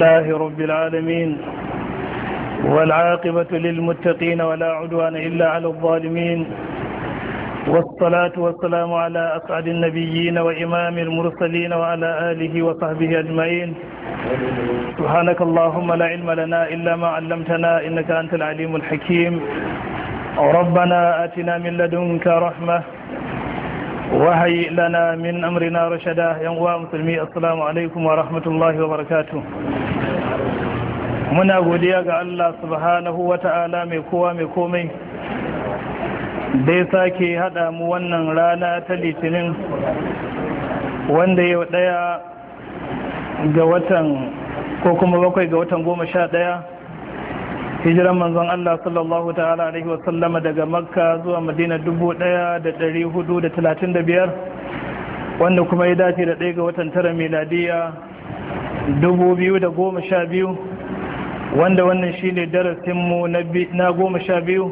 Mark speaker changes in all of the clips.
Speaker 1: الله رب العالمين والعاقبة للمتقين ولا عدوان إلا على الظالمين والصلاة والسلام على أسعد النبيين وإمام المرسلين وعلى آله وصحبه أجمعين سبحانك اللهم لا علم لنا إلا ما علمتنا إنك أنت العليم الحكيم ربنا آتنا من لدنك رحمة وهيئ لنا من أمرنا رشدا يا مسلمي السلام عليكم ورحمة الله وبركاته muna godiya ga Allah subhanahu wa ta'ala mai kowa mai komai da ya sake haɗa mu wannan rana ta litinin wanda yau ɗaya ga watan ko kuma bakwai ga watan goma sha ɗaya hijiran manzon Allah sallallahu ta'ala alaihi sallama, daga makka zuwa madina dubu ɗaya da ɗari hudu da talatin da biyar wanda kuma ya dace da ɗaya ga watan tara miladiya dubu biyu da goma sha biyu wanda wannan shi ne darasinmu na goma sha biyu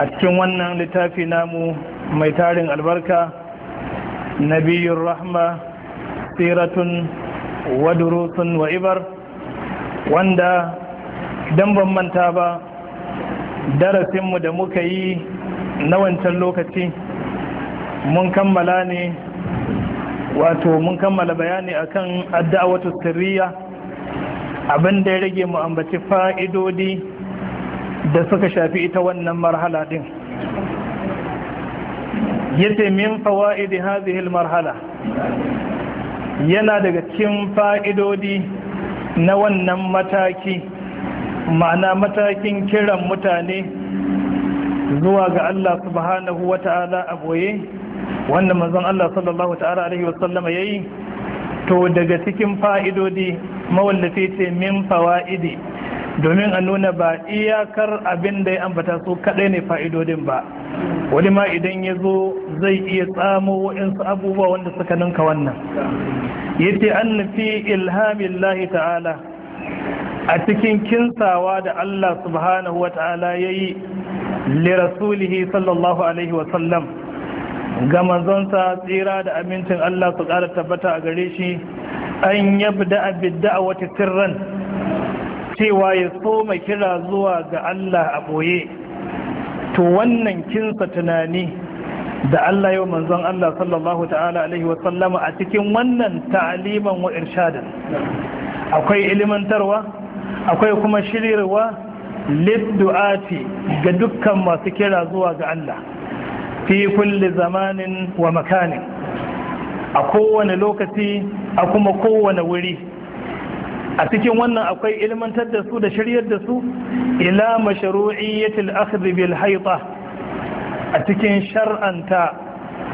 Speaker 1: a cikin wannan littafi namu mai tarin albarka na biyun rahma siratun wadurusun wa'ibar wanda don ban manta ba darasinmu da muka yi na wancan lokaci mun kammala ne wato mun kammala bayani akan addu'a wata sirriya abin da ya rage mu ambaci fa'idodi da suka shafi ita wannan marhala din yace min fawaidi hadhihi marhala, yana daga cikin fa'idodi na wannan mataki ma'ana matakin kiran mutane zuwa ga Allah subhanahu Ta'ala a boye wanda mazan Allah sallallahu ta'ala alaihi wasallama yi. to daga cikin fa'idodi mawallafi ce min fawa'idi domin a nuna ba iyakar abin da ya ambata su kaɗai ne fa'idodin ba wani ma idan ya zo zai iya tsamo waɗansu abubuwa wanda suka ninka wannan ya ce an fi ilhamin lahi ta'ala a cikin kinsawa da Allah subhanahu wa ta'ala ya yi lirasulihi sallallahu alaihi wasallam ga manzonsa tsira da amincin Allah su ƙara tabbata a gare shi an yabda abidda a wata tirran cewa ya soma kira zuwa ga Allah a ɓoye to wannan kinsa tunani da Allah yau manzon Allah sallallahu ta'ala alaihi wasallama a cikin wannan ta'aliman wa akwai ilimantarwa akwai kuma shirirwa liddu'ati ga dukkan masu kira zuwa ga Allah fi kulli zamanin wa makani. a kowane lokaci a kuma kowane wuri a cikin wannan akwai ilmantar da su da shiryar da su ila mashru'iyyatil akhdh bil hayta a cikin shar'anta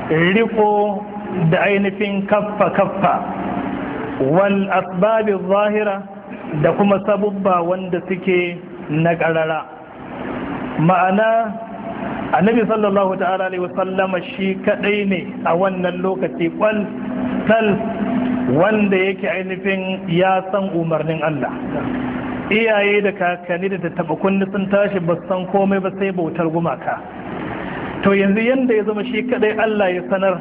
Speaker 1: riko da ainihin kaffa kaffa wal asbab zahira da kuma sabubba wanda suke na karara ma'ana annabi sallallahu ta'ala alaihi sallama shi kadai ne a wannan lokaci kwal wanda yake ainihin ya san umarnin Allah iyaye da kakanni da taba kunni sun tashi ba san komai ba sai bautar gumaka to yanzu yanda ya zama shi kadai Allah ya sanar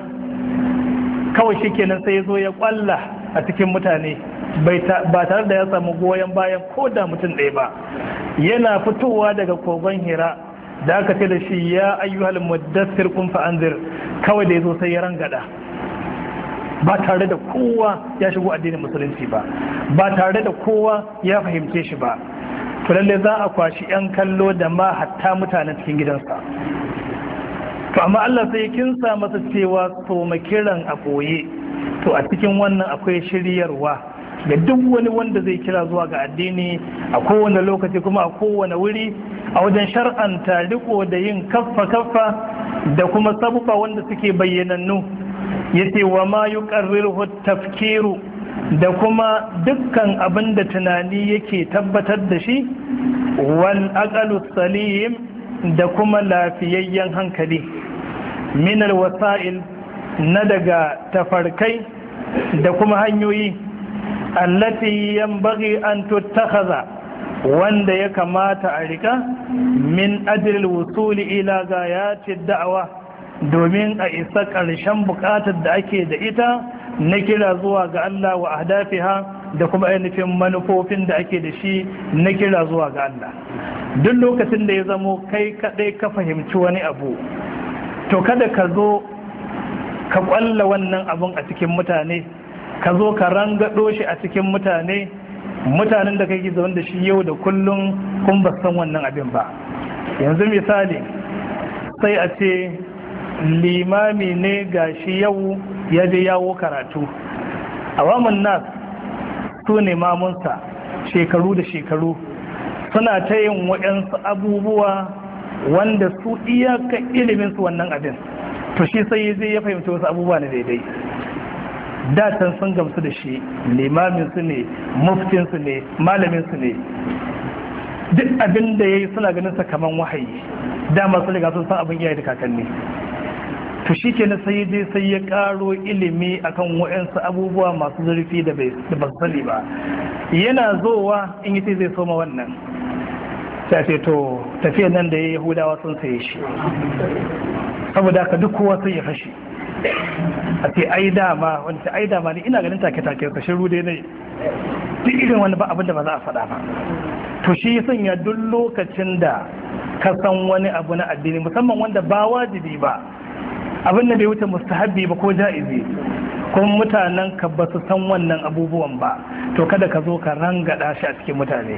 Speaker 1: kawai shi kenan sai ya zo ya kwalla a cikin mutane ba tare da ya samu goyon bayan ko da mutum ɗaya ba yana fitowa daga kogon hira da aka ce da shi ya ayyuhal muddassir kun anzir kawai da ya zo sai ya rangada ba tare da kowa ya shigo addinin musulunci ba ba tare da kowa ya fahimce shi ba to lalle za a kwashi yan kallo da ma hatta mutanen cikin gidansa to amma Allah sai kin sa masa cewa to makiran a koye to a cikin wannan akwai shiryarwa ga duk wani wanda zai kira zuwa ga addini a kowane lokaci kuma a kowane wuri a wajen shar'anta riko da yin kaffa kaffa da kuma sabuka wanda suke bayyanannu yace wa ma yuqarriru tafkiru da kuma dukkan abin da tunani yake tabbatar da shi wal aqalu salim da kuma lafiyayyen hankali minar wasa'il na daga tafarkai da kuma hanyoyi allati yanbaghi an tuttakhadha wanda ya kamata a rika min ajril wusuli ila gayati da'awa domin a isa ƙarshen buƙatar da ake da ita na kira zuwa ga Allah wa ahdafiha da kuma ainihin manufofin da ake da shi na kira zuwa ga Allah duk lokacin da ya zamo kai kaɗai ka fahimci wani abu to kada ka zo ka ƙwalla wannan abun a cikin mutane ka zo ka rangado shi a cikin mutane mutanen da kake zaune da shi yau da kullum kun ba san wannan abin ba yanzu misali sai a ce limami ne ga shi yau ya je yawo karatu awamun nas su ne mamunsa shekaru da shekaru suna ta yin waɗansu abubuwa wanda su iyaka iliminsu wannan abin to shi sai zai ya fahimci wasu abubuwa na daidai da sun gamsu da shi limamin su ne muftin su ne malamin su ne duk abin da yayi suna ganin sa kaman wahayi dama masu riga sun san abin iyaye da kakanni to shi ke na sai dai sai ya karo ilimi akan waɗansu abubuwa masu zurfi da ba sani ba yana zowa in yi zai soma wannan ta ce to tafiya nan da ya yahudawa sun saye shi saboda haka duk kowa sai ya fashe
Speaker 2: a
Speaker 1: ce ai dama wani ce ai dama ne ina ganin take-take ka shiru dai ne duk irin wani ba abin da ba za a faɗa ba to shi sanya duk lokacin da ka san wani abu na addini musamman wanda ba wajibi ba abin da bai wuce mustahabi ba ko ja'izi kuma mutanen ka ba su san wannan abubuwan ba to kada ka zo ka rangada shi a cikin mutane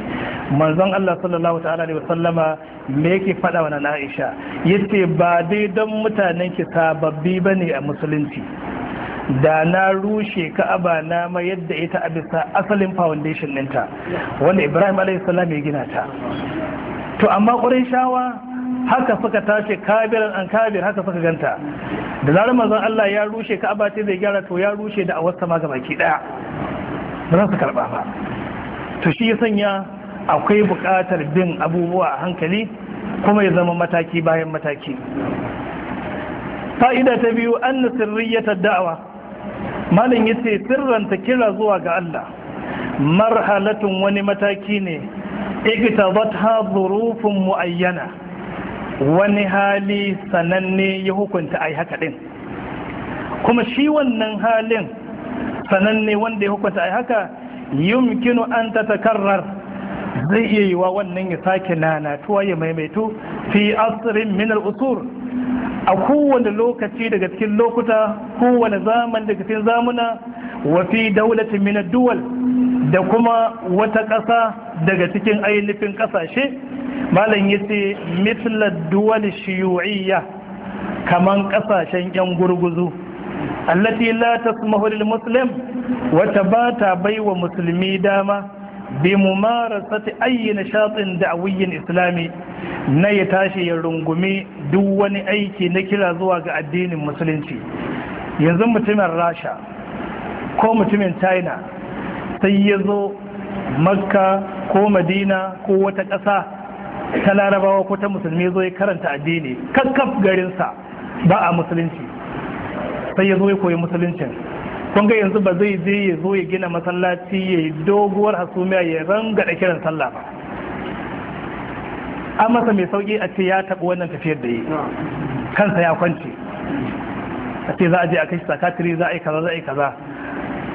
Speaker 1: manzon Allah sallallahu ta'ala alaihi wasallama me yake faɗa wa Aisha yace ba dai don mutanen ki sababbi bane a musulunci da na rushe ka'aba na ma yadda ita a bisa asalin foundation ɗinta wanda Ibrahim alaihi salam ya gina ta to amma ƙurin shawa haka suka tashi kabiran an kabir haka suka ganta da zarar manzon Allah ya rushe ka'aba ce zai gyara to ya rushe da awasta ma baki daya ba za su karba ba to shi ya sanya akwai buƙatar bin abubuwa a hankali kuma ya zama mataki bayan mataki fa'ida ta biyu an sirriyata da'awa malin yace sirranta kira zuwa ga Allah marhalatun wani mataki ne ikitabat ha zurufin muayyana wani hali sananne ya hukunta a haka ɗin kuma shi wannan halin sananne wanda ya hukunta a yi haka yumkinu an ta takarrar zai iya yi wa wannan ya sake nanatuwa ya maimaitu fi asirin minar usur a kowane lokaci daga cikin lokuta kowane zaman daga cikin zamuna wafi daulatin minar duwal da kuma wata ƙasa daga cikin ainihin ƙasashe malam ya ce mitlar duwal shiyu'iyya kaman kasashen yan gurguzu allati la tasmahu lil muslim wata ba ta wa musulmi dama bi mumarasati ayyi nishatin da'awiyyin islami na ya tashi ya rungumi duk wani aiki na kira zuwa ga addinin musulunci yanzu mutumin rasha ko mutumin china sai ya zo makka ko madina ko wata ƙasa ta larabawa ko ta musulmi zo ya karanta addini kakkaf garinsa ba a musulunci sai ya zo ya koyi musuluncin kun ga yanzu ba zai je ya zo ya gina masallaci ya yi doguwar hasumiya ya ranga da kiran sallah ba an masa mai sauki a ce ya taɓa wannan tafiyar da yi kansa ya kwance a ce za a je a kashi sakatiri za a yi kaza za a yi kaza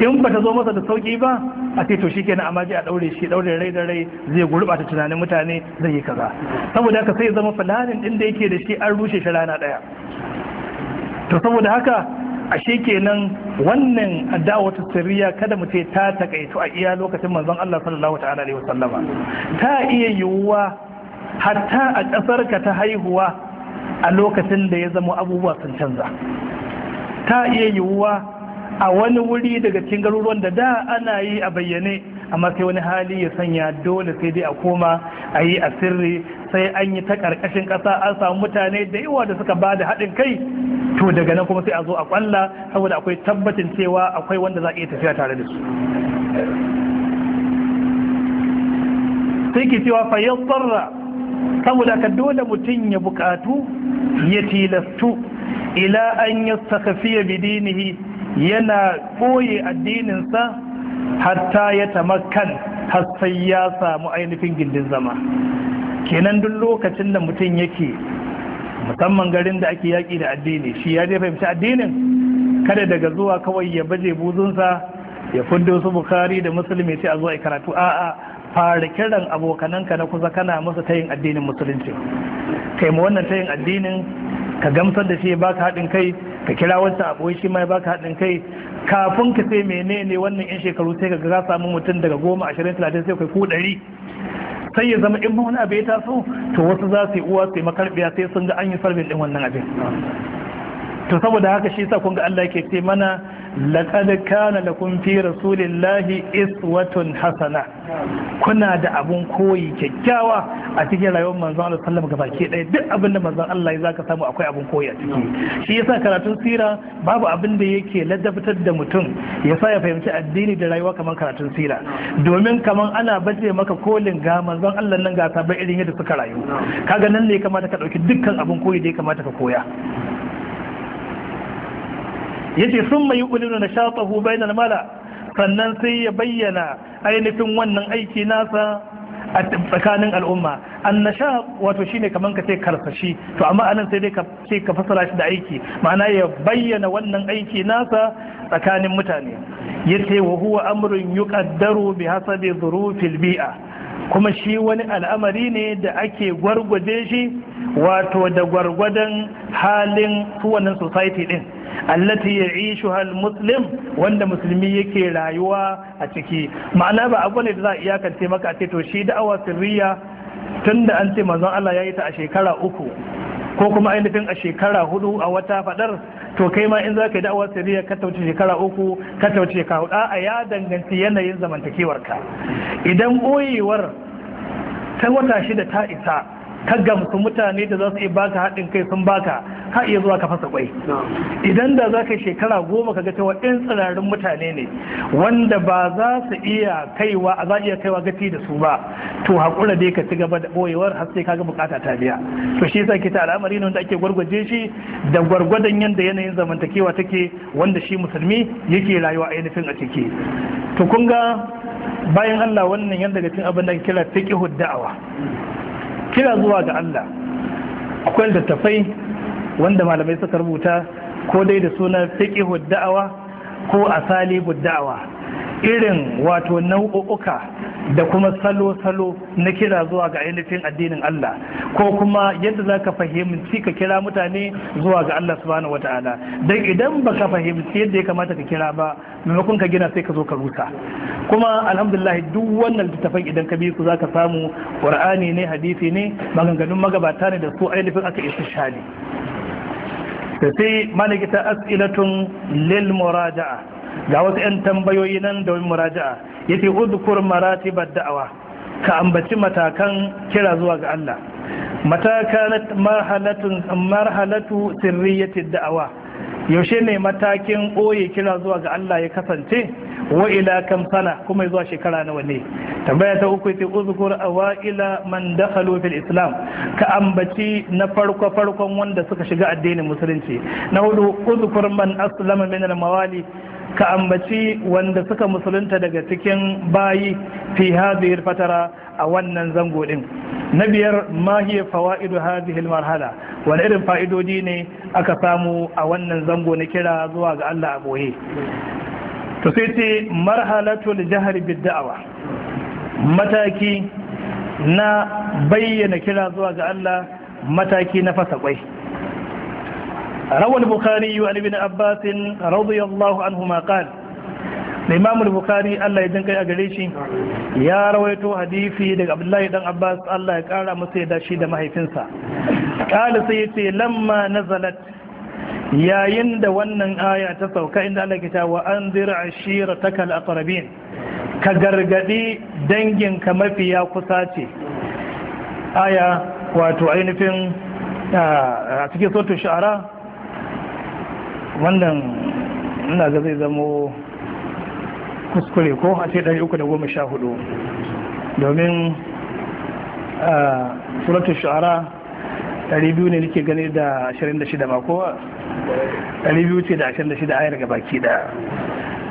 Speaker 1: in ba ta zo masa da sauki ba a ce to shi kenan amma ji a daure shi daure rai da rai zai gurbata tunanin mutane zai yi kaza saboda haka sai zama fulanin din da yake da shi an rushe shi rana daya to saboda haka ashe kenan wannan da'awatu sirriya kada mu ce ta takaitu a iya lokacin manzon Allah sallallahu ta'ala alaihi wasallama ta iya yiwuwa hatta a kasar ka ta haihuwa a lokacin da ya zama abubuwa sun canza ta iya yiwuwa a wani wuri daga cikin garuruwan da da ana yi a bayyane amma sai wani hali ya sanya dole sai dai a koma a yi a sirri sai an yi ta karkashin kasa an samu mutane da yawa da suka ba da haɗin kai to daga nan kuma sai a zo a kwalla saboda akwai tabbacin cewa akwai wanda za a iya tafiya tare da su sai ke cewa fayyar tsarra saboda ka dole mutum ya bukatu ya tilastu ila an yi sakafiya bidinihi yana ɓoye addininsa hatta ya tamakkan har sai ya samu ainihin gindin zama kenan duk lokacin da mutum yake musamman garin da ake yaƙi da addini shi ya je fahimci addinin kada daga zuwa kawai ya baje buzunsa ya fundo su bukari da musulmi sai a zuwa karatu a'a fara kiran abokananka na kusa kana masa tayin addinin musulunci kai mu wannan tayin addinin ka gamsar da shi ya baka haɗin kai ka kira wancan abuwa shi mai baka haɗin kai kafin ka sai menene wannan yan shekaru sai ka ga samu mutum daga goma ashirin talatin sai kai ku ɗari sai ya zama in ma wani abu ya taso to wasu za su yi uwa su yi makarbiya sai sun ga an yi sarbin ɗin wannan abin to saboda haka shi sa kun ga Allah yake ce mana laqad kana lakum fi rasulillahi iswatun hasana kuna da abun koyi kyakkyawa a cikin rayuwar manzon Allah sallallahu alaihi wasallam duk abin da manzon Allah ya zaka samu akwai abun koyi a ciki shi yasa karatun sira babu abin da yake ladabtar da mutum yasa ya fahimci addini da rayuwa kamar karatun sira domin kamar ana baje maka kolin ga manzon Allah nan ga sabon irin yadda suka rayu kaga nan ne kamata ka dauki dukkan abun koyi da ya kamata ka koya yace sun mai yuqulinu nashatahu bainal mala sannan sai ya bayyana ainihin wannan aiki nasa a tsakanin al'umma annasha wato shine kamar ka ce karsashi to amma anan sai dai ka ce ka fasara shi da aiki ma'ana ya bayyana wannan aiki nasa tsakanin mutane yace wa huwa amrun yuqaddaru bi hasabi dhurufil bi'a kuma shi wani al'amari ne da ake gwargwaje shi wato da gwargwadon halin su wannan society din allati ya'ishuha hal muslim wanda musulmi yake rayuwa a ciki ma'ana ba abu ne da za a iyakance maka a ce to shi da'awa sirriya tunda an ce manzon Allah ya yi ta a shekara uku ko kuma ainihin a shekara hudu a wata fadar to kai ma in za ka yi da'awar sirriya ka tauce shekara uku ka tauce ka hudu a ya danganci yanayin zamantakewarka idan boyewar ta wata shida ta isa ka gamsu mutane da za su yi baka haɗin kai sun baka ka iya zuwa ka fasa kwai idan da za ka shekara goma ka ga cewa ɗin tsirarin mutane ne wanda ba za su iya kaiwa a za iya kaiwa gati da su ba to haƙura dai ka ci gaba da ɓoyewar har sai ga bukata ta biya to shi yasa kita al'amari ne wanda ake gwargwaje shi da gwargwadon yadda yanayin zamantakewa take wanda shi musulmi yake rayuwa a ainihin a ciki to kun ga bayan Allah wannan yadda daga cikin abin da kira fiqhu da'awa kira zuwa ga Allah akwai littattafai wanda malamai suka rubuta ko dai da sunan fiqhu da'awa ko asali da'awa irin wato nau'uka da kuma salo-salo na kira zuwa ga ainihin addinin Allah ko kuma yadda za ka fahimci ka kira mutane zuwa ga Allah subhanahu ta'ala don idan ba ka fahimci yadda ya kamata ka kira ba maimakon ka gina sai ka zo ka rusa kuma alhamdulillah duk wannan littafin idan ka bi ku za ka samu qur'ani ne hadisi ne maganganun magabata ne da su ainihin aka istishhadi sai malaki ta as'ilatun lil muraja'a ga wasu 'yan tambayoyi nan da wani muraja'a ya ce udukur maratibar da'awa ka ambaci matakan kira zuwa ga Allah matakan marhalatu sirriyatin da'awa yaushe ne matakin ɓoye kira zuwa ga Allah ya kasance wa ila kam sana kuma zuwa shekara na wane tambaya ta uku ce uzkur awaila man dakhalu fil islam ka ambaci na farko farkon wanda suka shiga addinin musulunci na hudu uzukur man aslama min al mawali ka ambaci wanda suka musulunta daga cikin bayi fi hadhihi fatara a wannan zango din na biyar ma hiya fawaidu hadhihi marhala wani irin fa'idodi ne aka samu a wannan zango na kira zuwa ga Allah a boye to sai ce marhalatul jahri bid da'wa mataki na bayyana kira zuwa ga Allah mataki na fasa kwai روى البخاري عن ابن عباس رضي الله عنهما قال الإمام البخاري الله يدنك يا قريشي يا رويتو حديثي دك عبد الله بن عباس الله يقال مسيدا شيدا ما هيفنسا قال سيدي لما نزلت يا يند wannan aya ta sauka inda Allah ke cewa an zira ashira takal aqrabin ka gargadi danginka mafiya kusa ce aya wato ainihin a cikin sautin sha'ara wannan ina ga zai zamo kuskure ko a ce 314 domin suratul ɗari 200 ne nake gani da 26 ma ko 200 ce da 26 ayar ga baki da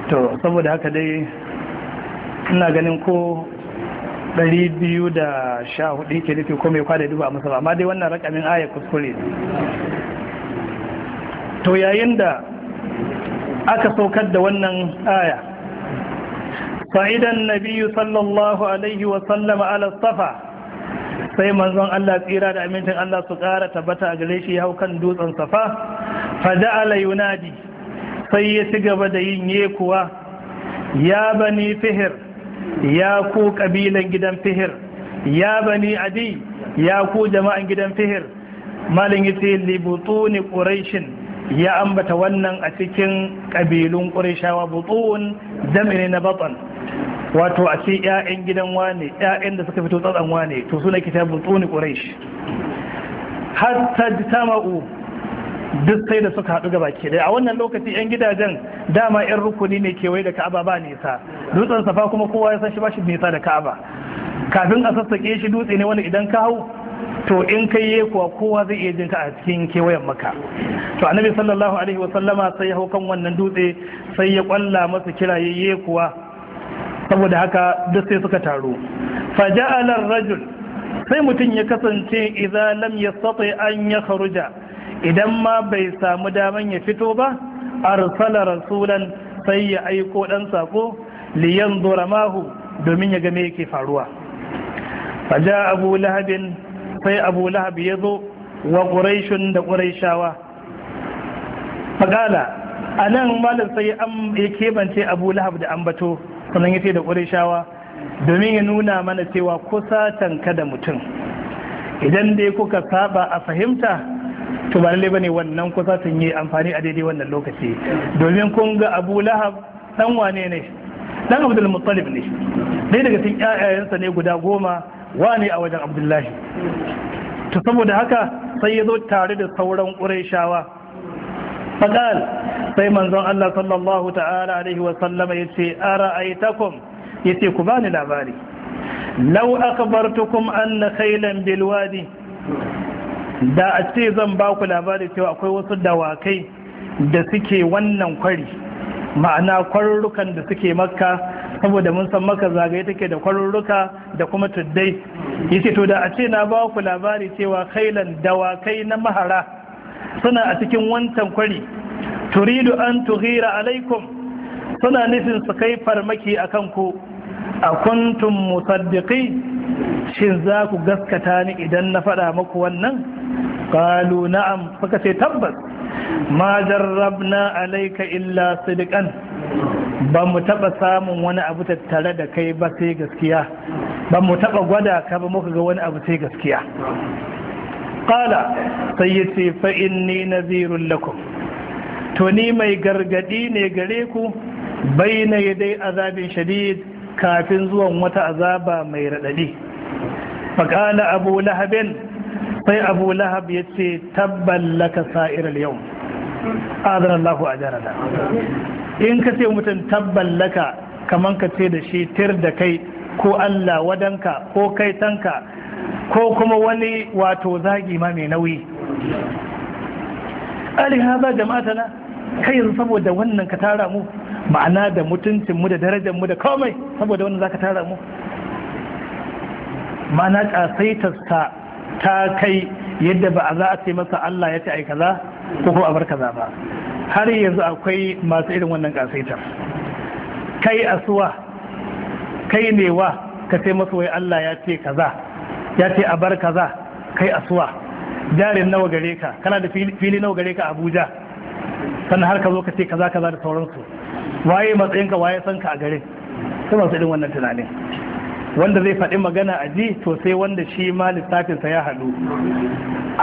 Speaker 1: to saboda haka dai ina ganin ko 214 ke nufi ko mai kwada duba musamman amma dai wannan rakamin ayar kuskure to yayin da aka saukar da wannan aya fa'idan nabiyu sallallahu alaihi wasallama ala safa sai manzon Allah tsira da amincin Allah su ƙara tabbata a gare shi hau kan dutsen safa fada ala yunadi sai ya ci gaba da yin yekuwa ya bani fihir ya ku ƙabilan gidan fihir ya bani adi ya ku jama'an gidan fihir malin yace libutuni quraishin ya ambata wannan a cikin ƙabilun ƙurishawa butun zamani na batsan wato a ce 'ya'yan gidan wane 'ya'yan da suka fito tsatsan wane to suna kita butun ƙurish har ta ji tama'u duk sai da suka haɗu gaba ke ɗaya a wannan lokaci 'yan gidajen dama 'yan rukuni ne kewaye da ka'aba ba nisa dutsen safa kuma kowa ya san shi ba shi nisa da ka'aba kafin a sassaƙe shi dutse ne wani idan ka hau to in kai yi kuwa kowa zai iya jinta a cikin kewayen maka to annabi sallallahu alaihi wasallama sai ya hau kan wannan dutse sai ya kwalla masa yi kuwa saboda haka duk sai suka taru faja'alar rajul sai mutum ya kasance idan lam ya yastati an ya kharuja idan ma bai samu daman ya fito ba arsala rasulan sai ya aiko dan sako liyan mahu domin ya game yake faruwa faja abu lahabin sai abu lahab ya zo wa ƙuraishun da ƙuraishawa fagala a nan malam sai ya kebance abu lahab da ambato sannan ya ce da ƙuraishawa domin ya nuna mana cewa kusa tanka da mutum idan dai kuka saba a fahimta to ba lalle bane wannan kusa sun yi amfani a daidai wannan lokaci domin kun ga Abu Lahab dan wane ne dan Abdul Muttalib ne dai daga cikin ƴaƴayensa ne guda goma wani a wajen abdullahi Ta saboda haka sai ya zo tare da sauran ƙuraishawa fagal sai manzon Allah sallallahu ta'ala alaihi wasallama ya ce ara aitakum ya ce ku bani labari lau akhbartukum anna khailan bil wadi da a ce zan ba ku labari cewa akwai wasu dawakai da suke wannan kwari ma'ana kwarurrukan da suke makka saboda mun san maka zagaye take da kwarurruka da kuma tuddai yace to da a ce na ba ku labari cewa khailan dawakai na mahara suna a cikin wancan kwari turidu an tughira alaikum suna nufin su kai farmaki a kanku a kuntum musaddiqi shin za ku gaskata ni idan na faɗa muku wannan qalu na'am suka ce tabbas ma jarrabna alaika illa sidqan ba mu taba samun wani abu tattare da kai ba sai gaskiya ba mu taba gwada ka ba muka ga wani abu sai gaskiya qala sai yace fa inni nazirun lakum to ni mai gargadi ne gare ku baina yadai azabin shadid kafin zuwan wata azaba mai radadi faqala abu lahabin sai abu lahab ya ce tabbalaka laka sa'irar yau adana Allahu a jarada in ka ce mutum tabbalaka laka kaman ka ce da shi tir da kai ko Allah wadanka ko kai tanka ko kuma wani wato zagi ma mai nauyi Ali alihaza jama'atana kai yanzu saboda wannan ka tara mu ma'ana da mutuncinmu da darajarmu da komai saboda wannan za ka tara mu ma'ana sa ta kai yadda ba a za a ce masa Allah ya ce ai kaza ko ko a bar kaza ba har yanzu akwai masu irin wannan kasaitar kai asuwa kai ne wa ka ce masa wai Allah ya ce kaza ya ce a bar kaza kai asuwa jarin nawa gare ka kana da fili nawa gare ka Abuja sannan har ka zo ka ce kaza kaza da sauransu waye matsayinka waye san ka a garin sai masu irin wannan tunanin wanda zai faɗi magana a ji to sai wanda shi ma lissafinsa ya haɗu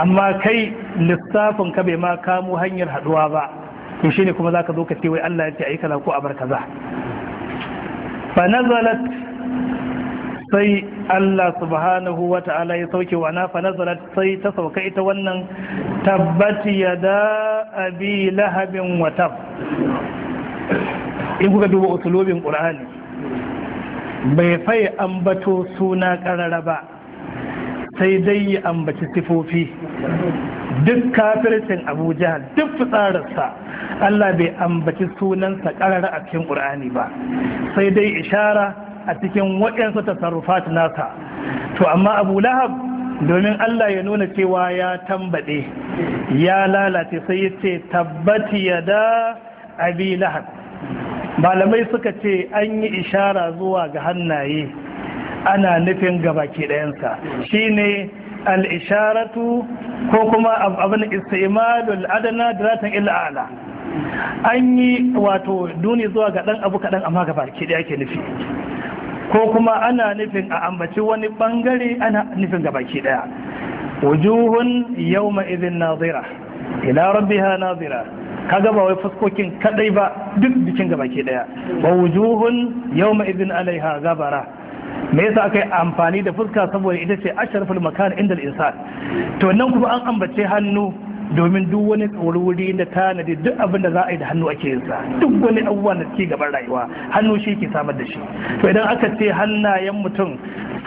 Speaker 1: amma kai lissafin ka bai ma kamo hanyar haɗuwa ba to ne kuma zaka zo ka ce wai Allah ya ce yi kaza ko a bar kaza fa nazalat sai Allah subhanahu wa ta'ala ya sauke wa na fa nazalat sai ta sauka ita wannan tabbati yada abi lahabin wa tab in kuka duba usulobin qur'ani bai fai ambato suna ƙarara ba sai dai yi ambaci sifofi duk kafircin abu duk fitsararsa allah bai ambaci sunansa ƙarara a cikin ƙur'ani ba sai dai ishara a cikin waɗansu tasarrufat nasa to amma abu lahab domin allah ya nuna cewa ya tambaɗe ya lalace sai ya ce tabbati ya da abi lahab malamai suka ce an yi ishara zuwa ga hannaye ana nufin gabaki ɗayansa shine ne al'isharatu ko kuma abin istimalul adana diratan ila'ala an yi wato duni zuwa ga ɗan abu kaɗan amma gabaki ɗaya ke nufi ko kuma ana nufin a ambaci wani ɓangare ana nufin gabaki ɗaya wujuhun yau ma'izin nazira ila rabbiha nazira Ka gaba wai fuskokin kadai ba duk bikin gaba ke daya wa wujuhun yawma idin alaiha gabara me yasa aka yi amfani da fuska saboda ita ce asharful makan inda insan to nan kuma an ambace hannu domin duk wani wuri da tanadi duk abin da za a yi da hannu ake yin sa duk wani abubuwa na ci gaban rayuwa hannu shi ke samar da shi to idan aka ce hannayen mutum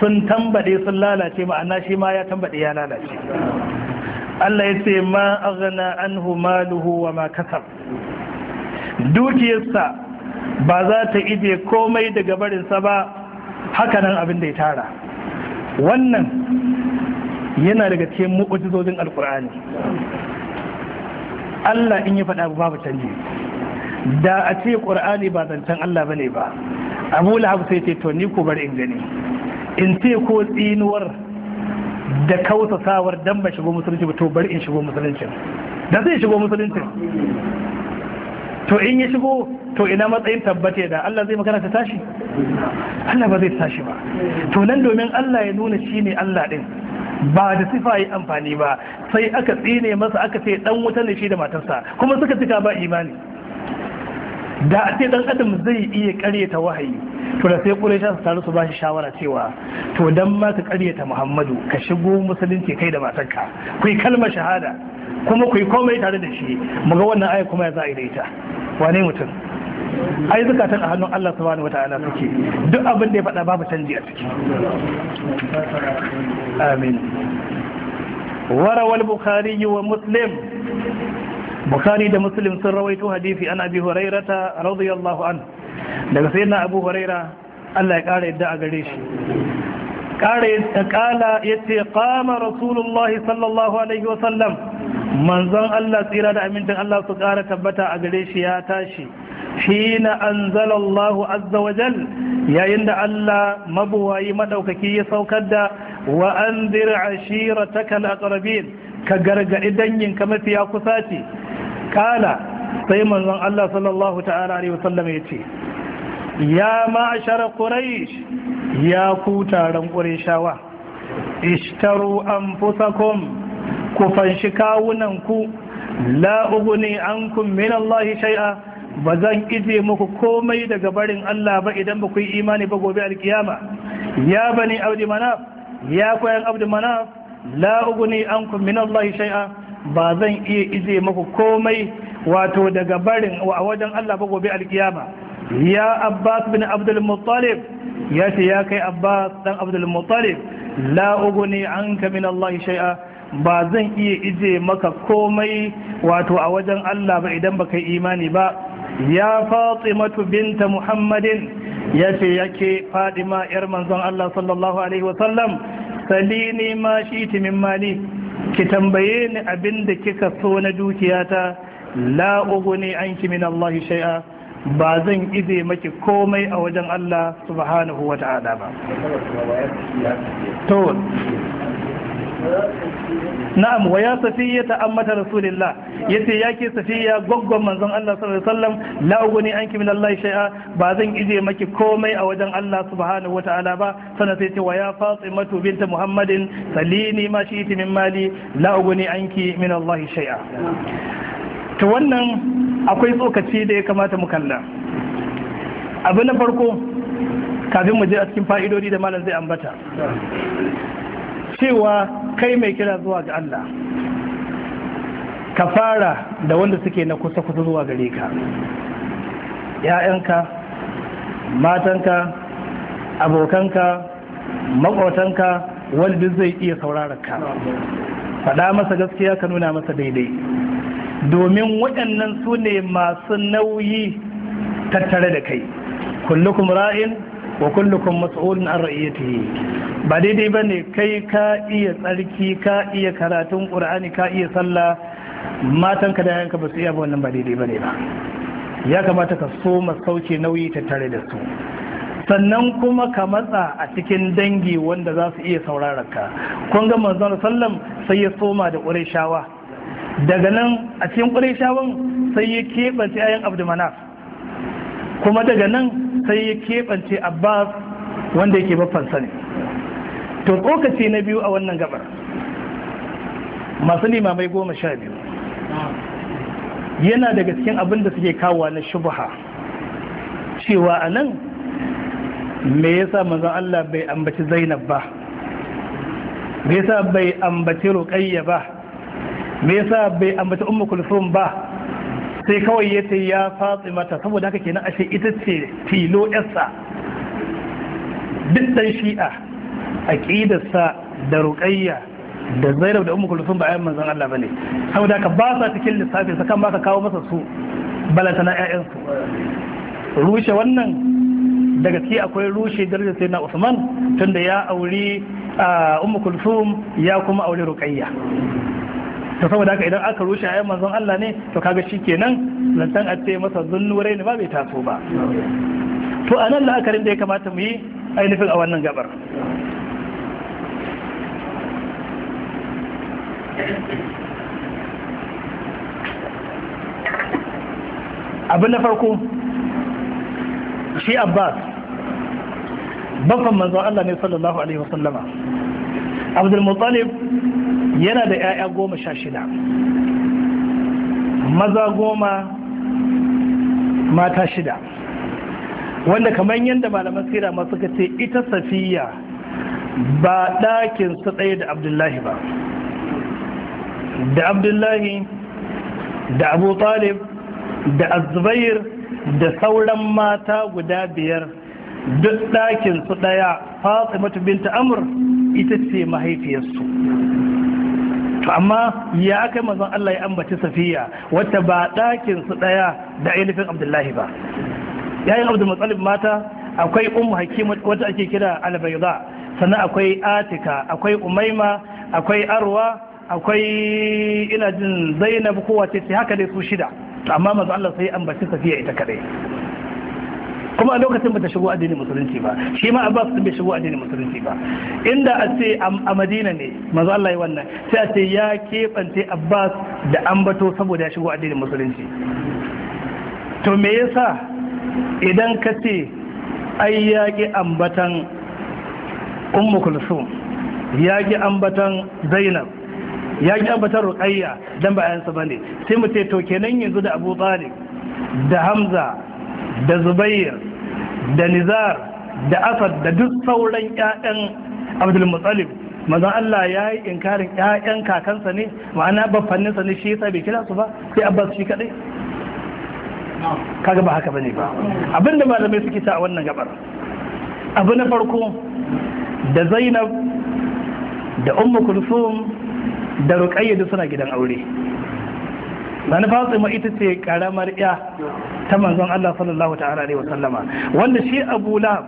Speaker 1: sun tambade sun lalace ma'ana shi ma ya tambade ya lalace Allah ya ce ma aghna anhu maluhu wa ma kasab dukiyarsa ba za ta ibe komai daga barinsa ba hakanan abin da ya tara wannan yana daga cikin mu'ujizojin alkur'ani Allah in ya faɗa babu canji da a ce ƙur'ani ba zancen Allah bane ba abu lahab sai ce to ni ko bar in gani in ce ko tsinuwar da kausasawar dan ba shigo musulunci ba to bari in shigo musulunci da zai shigo musulunci to in ya shigo to ina matsayin tabbate da Allah zai magana ta tashi Allah ba zai tashi ba to nan domin Allah ya nuna shi ne Allah din ba da sifa yi amfani ba sai aka tsine masa aka ce ɗan wuta ne shi da matarsa kuma suka tuka ba imani da a ce dan adam zai iya karyata wahayi to da sai quraisha su taru su ba shi shawara cewa to dan ma ka karyata muhammadu ka shigo musulunci kai da matarka ku yi kalmar shahada kuma ku yi komai tare da shi mu ga wannan aya kuma ya za a yi wane mutum ai zukatan a hannun Allah subhanahu wata'ala suke duk abin da ya faɗa babu canji a ciki amin bukhari yiwa muslim bukhari da muslim sun rawaito hadisi an abi hurairata radiyallahu an daga na abu huraira Allah ya kara yadda a gare shi kala yace kama rasulullahi sallallahu alaihi wa sallam manzon Allah tsira da amintin Allah su kara tabbata a gare shi ya tashi hina anzalallahu azza wa jal yayin da Allah mabuwayi madaukaki ya saukar da wa anzir ashirataka alaqrabin ka dangin ka mafiya kusa ce kala sai manzon Allah sallallahu ta'ala alaihi wasallam ya ce ya ma'ashara quraish ya ku taron qurayshawa ishtaru anfusakum ku fanshi kawunan ku la ughni ankum min Allah shay'a ba zan ije muku komai daga barin Allah ba idan ba ku yi imani ba gobe alkiyama ya bani abdi manaf ya koyan abdi manaf la ughni ankum min Allah shay'a ba zan iya ije maku komai wato daga barin a wajen Allah ba gobe alkiyama ya abbas bin abdul muttalib ya ce ya kai abbas dan abdul muttalib la uguni anka min Allah shay'a ba zan iya ije maka komai wato a wajen Allah ba idan baka yi imani ba ya fatimatu binta muhammadin ya ce yake fadima yar manzon Allah sallallahu alaihi wasallam salini ma shi min mali ki tambaye ni abin da kika so na dukiyata la an anki min Allah shay'a ba zan ize maki komai a wajen Allah subhanahu wata'ala ba to na'am wa ya safiya ta ammata rasulillah yace yake safiya goggon manzon Allah sallallahu alaihi wasallam la uguni anki min Allah shay'a ba zan ije maki komai a wajen Allah subhanahu wataala ba sannan sai ce wa ya fatimatu binta muhammadin salini ma shi'ti min mali la uguni anki min Allah shay'a to wannan akwai tsokaci da ya kamata mu kalla abu na farko kafin mu je a cikin fa'idodi da malam zai ambata cewa kai mai kira zuwa ga Allah ka fara da wanda suke na kusa-kusa zuwa gare ka ‘ya'yanka matanka abokanka makwatanka wanda zai iya saurara ka. faɗa masa gaskiya ka nuna masa daidai domin waɗannan su ne masu nauyi tattare da kai kullukum ra'in wa kullukum mas'ulun an ra'iyatihi ba daidai bane kai ka iya tsarki ka iya karatun qur'ani ka iya sallah matanka da yanka ba su iya ba wannan ba daidai bane ba ya kamata ka so masauke nauyi tattare da su sannan kuma ka matsa a cikin dangi wanda za su iya sauraron ka kun ga manzon sallam sai ya soma da ƙureshawa daga nan a cikin ƙureshawan sai ya keɓance ayan abdulmanaf kuma daga nan sai ya keɓance abbas wanda yake baffan ne to tsokaci na biyu a wannan gabar masu limamai goma sha biyu yana daga cikin abin da suke kawowa na shubha cewa a nan me yasa manzon Allah bai ambaci zainab ba me yasa bai ambaci ruƙayya ba me yasa bai ambaci Umma kulsum ba sai kawai ya ce ya fatsi mata saboda haka kenan ashe ita ce tilo yarsa duk dan shi'a ƙidarsa da ruƙayya da zainab da umar ba ayyan manzan Allah ba ne. saboda haka ba sa cikin lissafin sa kan ka kawo masa su balanta na 'ya'yansu. rushe wannan da gaske akwai rushe darajar na Usman tunda ya auri a ah, umar ya kuma auri ruƙayya to saboda haka idan aka rushe ayyan manzon Allah ne to kaga shikenan zantan a ce masa zunnurai ne ba bai taso ba to anan la'akarin da ya kamata mu yi ainihin a wannan gabar abin na farko shi abbas bafan manzon Allah ne sallallahu alaihi wasallama abdul muttalib yana da 'ya'ya goma sha shida maza goma mata shida wanda kamar yadda malaman sira masu ce ita safiya ba ɗakin su ɗaya da abdullahi ba da abdullahi da abu talib da azubair da sauran mata guda biyar duk ɗakin su ɗaya fatimatu binta amur ita ce mahaifiyarsu to amma ya kai manzon Allah ya ambaci safiya wata ba ɗakin su ɗaya da ainihin abdullahi ba yayin abdul mutsalib mata akwai ummu hakim wata ake kira albayda sannan akwai atika akwai umaima akwai arwa akwai ina jin zainab kowace ce haka dai su shida amma manzon Allah sai ambaci safiya ita kadai kuma a lokacin bata shigo addinin musulunci ba shi ma abbas din bai shigo addinin musulunci ba inda a ce a madina ne manzo Allah ya wannan sai a ce ya kebance abbas da ambato saboda ya shigo addinin musulunci to me yasa idan ka ce ai ya ki ambatan ummu kulsum ya ki ambatan zainab ya ki ambatan ruqayya dan ba ayansa bane sai mu ce to kenan yanzu da abu talib da hamza da zubair da nizar da asad da duk sauran 'ya'yan abdulmutsalib maza Allah ya yi inkarin 'ya'yan kakansa ne ma'ana babbanninsa ne shi yasa bai kira su ba sai abbas shi kadai kaga ba haka bane ba abinda malamai suke ta a wannan gabar abu na farko da zainab da ummu kulsum da ruqayya suna gidan aure na fatima ita ce karamar ya ta manzon Allah sallallahu ta'ala alaihi wasallama wanda shi Abu Lahab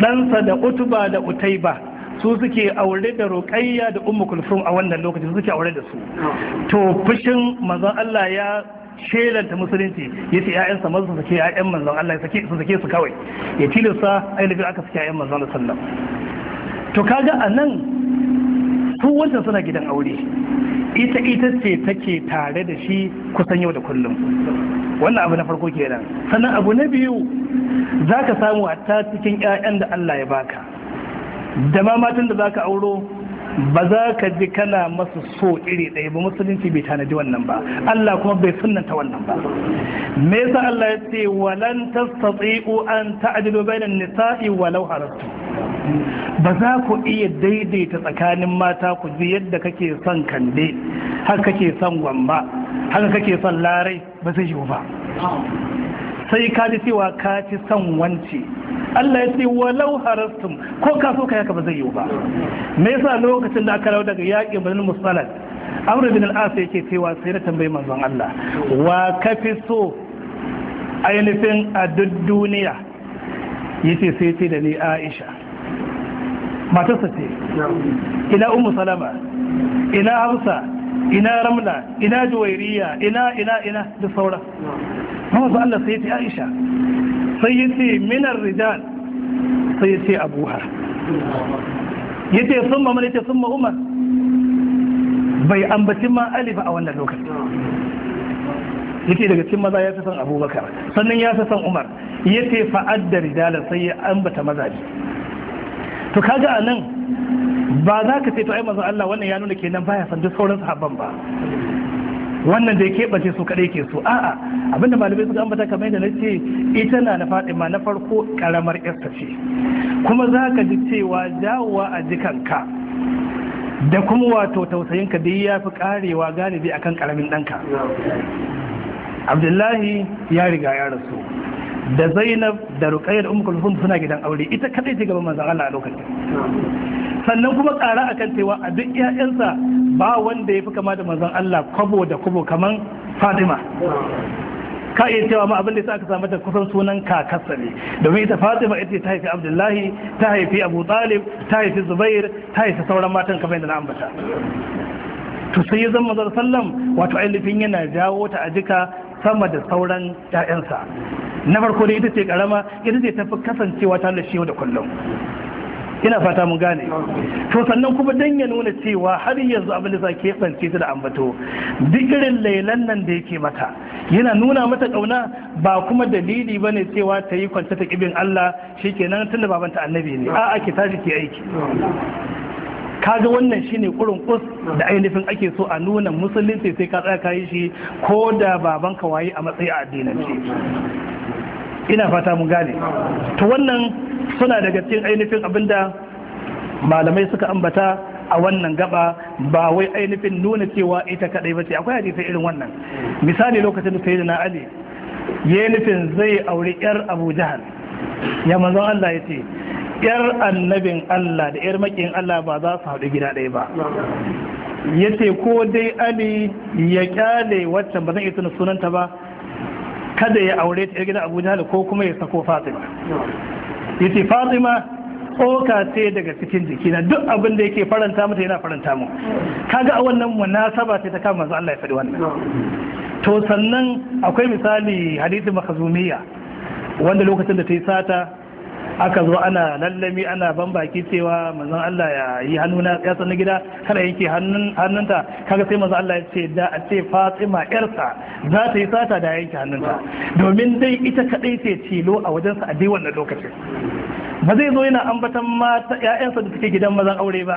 Speaker 1: ɗansa da Utba da Utaiba su suke aure da Ruqayya da Ummu Kulsum a wannan lokaci su suke aure da su to fushin manzon Allah ya shelanta musulunci ya ce ‘ya'yansa mazu su sake ‘ya'yan manzon Allah su suke su kawai ya tilasta ainihin aka suke ‘ya'yan manzon Allah sallam to kaga a nan su wancan suna gidan aure ita ita ce take tare da shi kusan yau da kullum wannan abu na farko kenan sannan abu na biyu za ka samu ta cikin 'ya'yan da Allah ya baka da ma matan da za ka auro ba za ka ji kana masu so iri ɗaya ba musulunci bai tanadi wannan ba Allah kuma bai sunanta wannan ba me yasa Allah ya ce walan tastati'u an ta'dilu bainan nisa'i walau haratu ba za ku iya daidaita tsakanin mata ku ji yadda kake son kande har kake son gwamba haka kake son larai ba zai yiwu ba sai ka ji cewa ka ci son wance Allah ya ce walau harastum ko ka so kai haka ba zai yiwu ba me yasa lokacin da aka rawo daga yaƙin bin musallat amru bin al-as yake cewa sai na tambayi manzon Allah wa ka fi so ainihin a duk duniya yace sai ce da ni Aisha matarsa ce ila ummu salama ila hamsa ina ramla ina juwairiya ina ina ina da sauran mawazu Allah sai ce aisha sai ya ce minar rijal sai ya ce abuha ya ce sun mamman ya ce sun umar bai ambaci ma ali ba a wannan lokaci ya ce daga cikin maza ya fi son abubakar sannan ya fi son umar ya ce fa'ad da rijalar sai ya ambata mazaje to kaga a nan ba za ka ce to ai mazan Allah wannan ya nuna kenan baya san duk sauran sahabban ba wannan da ya keɓace su kaɗai ke so a'a abinda malamai suka ambata kamar yadda na ce ita na na fatima na farko karamar yarsa ce kuma za ka ji cewa jawowa a jikan ka da kuma wato tausayin ka da ya fi karewa galibi akan karamin ɗanka abdullahi ya riga ya rasu da zainab da ruqayyah da kulfun suna gidan aure ita kadai ce gaban manzan Allah a lokacin sannan kuma ƙara akan cewa a duk 'ya'yansa ba wanda ya fi kama da manzan Allah kwabo da kwabo kamar Fatima ka iya cewa ma abin da sa aka samu da kusan sunan kakarsa ne domin ita Fatima ita ta haifi Abdullahi ta haifi Abu Talib ta haifi Zubair ta haifi sauran matan kamar yadda na ambata to sai ya zama sallam wato ainihin yana jawo ta a jika sama da sauran 'ya'yansa na farko ne ita ce karama ita ce tafi kasancewa ta da da kullum ina fata mun gane to sannan kuma dan ya nuna cewa har yanzu abin da za ke ta da ambato duk irin lailan nan da yake mata yana nuna mata kauna ba kuma dalili bane cewa ta yi kwanta ta kibin Allah shikenan da babanta annabi ne a'a ki tashi ki aiki kaga wannan shine kurin kus da ainihin ake so a nuna musulunci sai ka tsaya kayi shi ko da babanka ka waye a matsayi a addinin ina fata mun gane to wannan suna daga cikin ainihin abinda malamai suka ambata a wannan gaba ba wai ainihin nuna cewa ita kadai ba ce akwai hadisi irin wannan misali lokacin da na ali ya nufin zai aure yar abu jahal ya manzon Allah ya ce yar annabin Allah da yar makin Allah ba za su haɗu gida ɗaya ba ya ce ko dai ali ya kyale wacce ba zan iya sunanta ba kada ya aure ta gidan Abu Jahal ko kuma ya sako Fatima yace Fatima tsoka ce daga cikin jikina duk abin da yake faranta mata yana faranta mu kaga a wannan munasaba ce ta kama manzo Allah ya faɗi wannan to sannan akwai misali hadisi makhzumiyya wanda lokacin da ta yi sata aka zo ana lallami ana ban baki cewa manzon Allah ya yi hannuna ya gida kada yake hannun hannunta kaga sai manzon Allah ya ce da a ce Fatima yarsa za ta yi sata da yanke hannunta domin dai ita kadai ce tilo a wajen sa a dai wannan lokacin ba zai zo yana ambatan mata ƴaƴansa da suke gidan mazan aure ba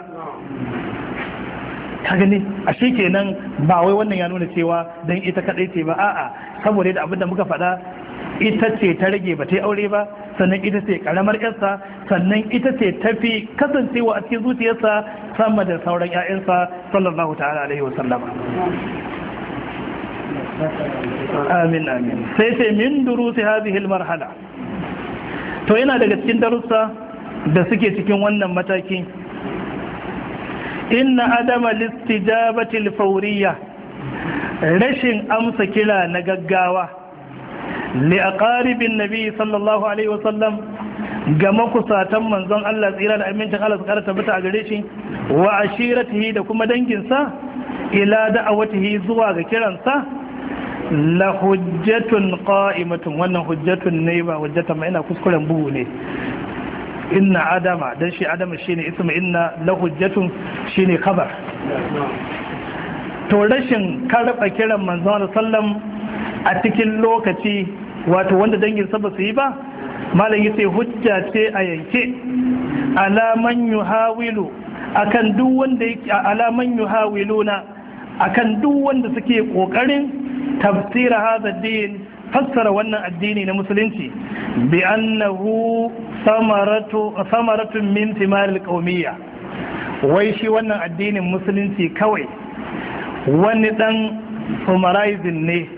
Speaker 1: ka gani a shi kenan ba wai wannan ya nuna cewa dan ita kadai ce ba a'a saboda da abin da muka faɗa ita ce ta rage ba ta yi aure ba sannan ita ce karamar yarsa sannan ita ce tafi kasancewa a cikin zuciyarsa sama da sauran 'ya'yansa, sallallahu ta'ala alaihi wa sallama amin amin sai sai min durusi hadhihi almarhala to yana daga cikin darussa da suke cikin wannan mataki inna adama listijabati alfawriya rashin amsa kila na gaggawa ƙaribin nabi sallallahu alaihi wasallam ga makusatan manzon Allah tsira da amincin Allah su karanta bata a gare shi wa ashiratihi da kuma danginsa ila da'awatihi zuwa ga kiransa la hujjatun qa'imatun wannan hujjatun ne ba hujjata ma ina kuskuren bugu ne inna adama dan shi adama shine ismu inna la hujjatun shine khabar to rashin karba kiran manzon sallam a cikin lokaci wato wanda dangin sa ba su yi ba malam yace hujja ce a yanke alaman hawilu akan duk wanda yake alaman yuhawiluna akan duk wanda suke kokarin tafsira hadha din fassara wannan addini na musulunci bi annahu samaratu samaratu min thimar alqawmiyya wai shi wannan addinin musulunci kawai wani dan summarizing ne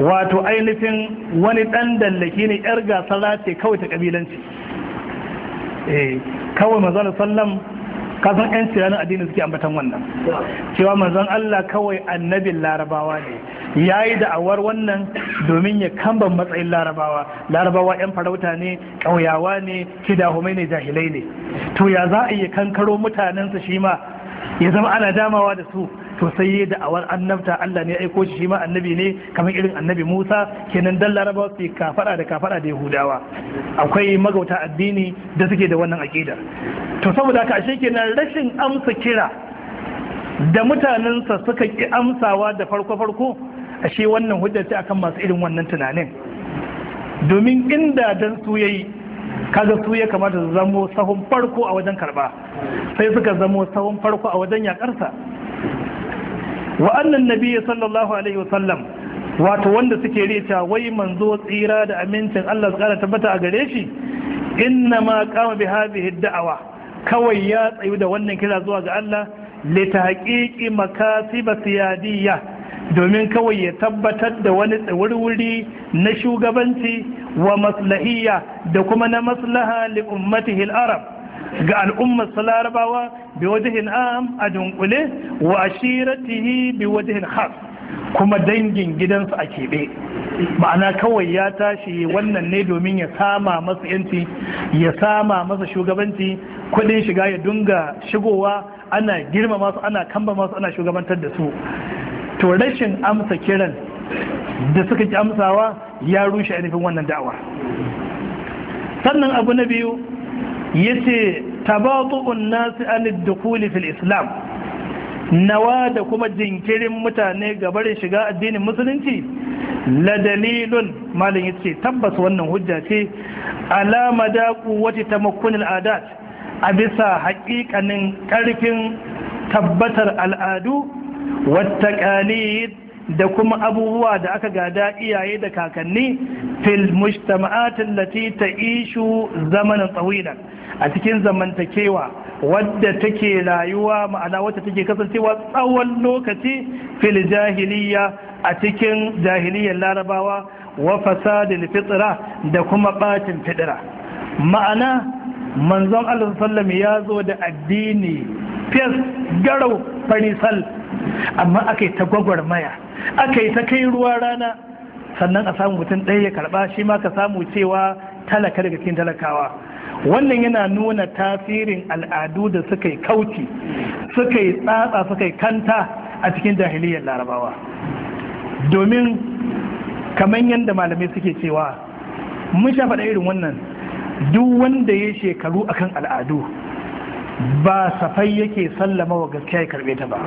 Speaker 1: wato ainihin wani ɗan dallaki ne yar gasar ce kawai ta ƙabilanci eh, kawai manzon sallam kasan 'yan tsiranin addini suke ambatan wannan cewa manzon Allah kawai annabin larabawa ne ya yi da'awar wannan domin ya kamba matsayin larabawa larabawa 'yan farauta ne ƙauyawa ne kidahumai ne jahilai ne to ya za a iya kankaro mutanensa shi ma ya zama ana damawa da su to sai awar da'awar annabta Allah ne ya aiko shi ma annabi ne kamar irin annabi Musa kenan dan Larabawa su kafara da kafara da Yahudawa akwai magauta addini da suke da wannan aqida to saboda haka ashe kenan rashin amsa kira da mutanensa suka ki amsawa da farko farko ashe wannan hujjar akan masu irin wannan tunanin domin inda dan su yayi kaga su ya kamata su zamo sahun farko a wajen karba sai suka zamo sahun farko a wajen yakarsa wa annan nabi sallallahu alaihi wasallam wato wanda suke rita wai manzo tsira da amincin Allah ya kara tabbata a gare shi inna ma kama bi hadhihi da'awa kawai ya tsayu da wannan kira zuwa ga Allah li tahqiqi makasiba siyadiyya domin kawai ya tabbatar da wani tsawurwuri na shugabanci wa maslahiyya da kuma na maslaha li ummatihi arab ga al'ummar larabawa bi wajhin am a dunkule wa ashiratihi bi wajhin khas kuma dangin gidansu a keɓe ma'ana kawai ya tashi wannan ne domin ya sama masa yanci ya sama masa shugabanci kudin shiga ya dunga shigowa ana girma masu ana kamba masu ana shugabantar da su to rashin amsa kiran da suka ki amsawa ya rushe ainihin wannan da'awa sannan abu na biyu ya ce tabatu'un nasu anid dukuli fil islam nawa da kuma jinkirin mutane gabar shiga addinin musulunci la dalilun malin ya ce tabbas wannan hujja ce alama da kuwace ta makunin adat a bisa haƙiƙanin ƙarfin tabbatar al'adu wattakalid da kuma abubuwa da aka gada iyaye da kakanni fil mujtama'atin lati ta'ishu zamanin tsawilan a cikin zamantakewa wadda take rayuwa ma'ana wadda take kasancewa tsawon lokaci fil jahiliya a cikin jahiliyar larabawa wa fasadin fitra da kuma batin fitra ma'ana manzon Allah sallallahu ya zo da addini fes garau farisal amma aka yi ta gwagwarmaya aka yi ta kai ruwa rana sannan a samu mutum ɗaya ya karɓa shi ma ka samu cewa talaka daga cikin talakawa wannan yana nuna tasirin al'adu da suka yi kauci suka yi tsatsa suka yi kanta a cikin jahiliyyar larabawa domin kamar yadda malamai suke cewa mun sha faɗa irin wannan duk wanda ya shekaru akan al'adu ba safai yake sallama wa gaskiya ya karbe ta ba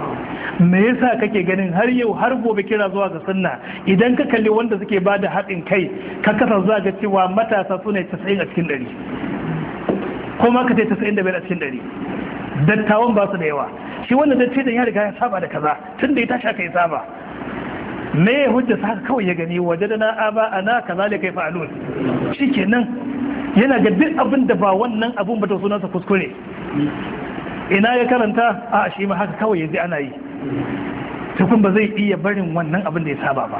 Speaker 1: me yasa kake ganin har yau har gobe kira zuwa ga sunna idan ka kalli wanda suke ba da haɗin kai ka kasa zuwa ga cewa matasa su ne 90 a cikin Ko ma ka da 95 a cikin 100 dattawan ba su da yawa shi wannan da ya riga ya saba da kaza tun da ya tashi aka yi saba me hujja sa kawai ya gani waje da na aba ana kaza kai fa'alun shikenan yana ga duk abin da ba wannan abun ba ta sunansa kuskure ina ya karanta a shi ma haka kawai yanzu ana yi tukun ba zai iya barin wannan abin da ya saba ba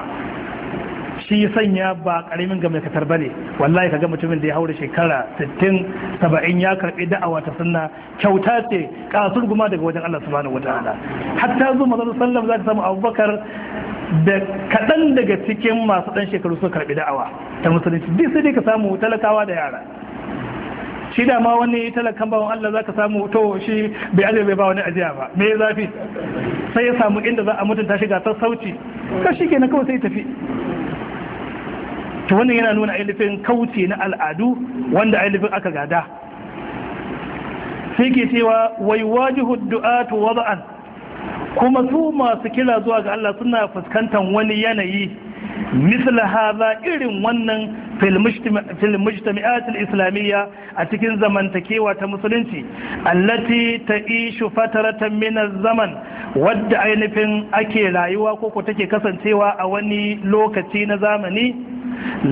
Speaker 1: shi sanya ba karamin ga mai katar bane wallahi kaga mutumin da ya haura shekara 60 70 ya karbi da'awa ta sunna kyauta ce kasur guma daga wajen Allah subhanahu wataala hatta zuwa manzon sallallahu alaihi wasallam zaka samu Abubakar da kaɗan daga cikin masu ɗan shekaru suka karɓi da'awa ta musulunci duk sai ka samu talakawa da yara shi da ma wani talakan bawan Allah za ka samu to shi bai ajiye bai ba wani ajiya ba me ya zafi sai ya samu inda za a mutunta shi ga sassauci ka shi kenan kawai sai tafi to wannan yana nuna ainihin kauce na al'adu wanda ainihin aka gada sai ke cewa wai wajihu du'atu wada'an kuma su masu kira zuwa ga Allah suna fuskantar wani yanayi misla haza irin wannan filmujtami'at islamiyya a cikin zamantakewa ta musulunci allati ishi fatarata minar zaman wadda ainihin ake rayuwa ko ko take kasancewa a wani lokaci na zamani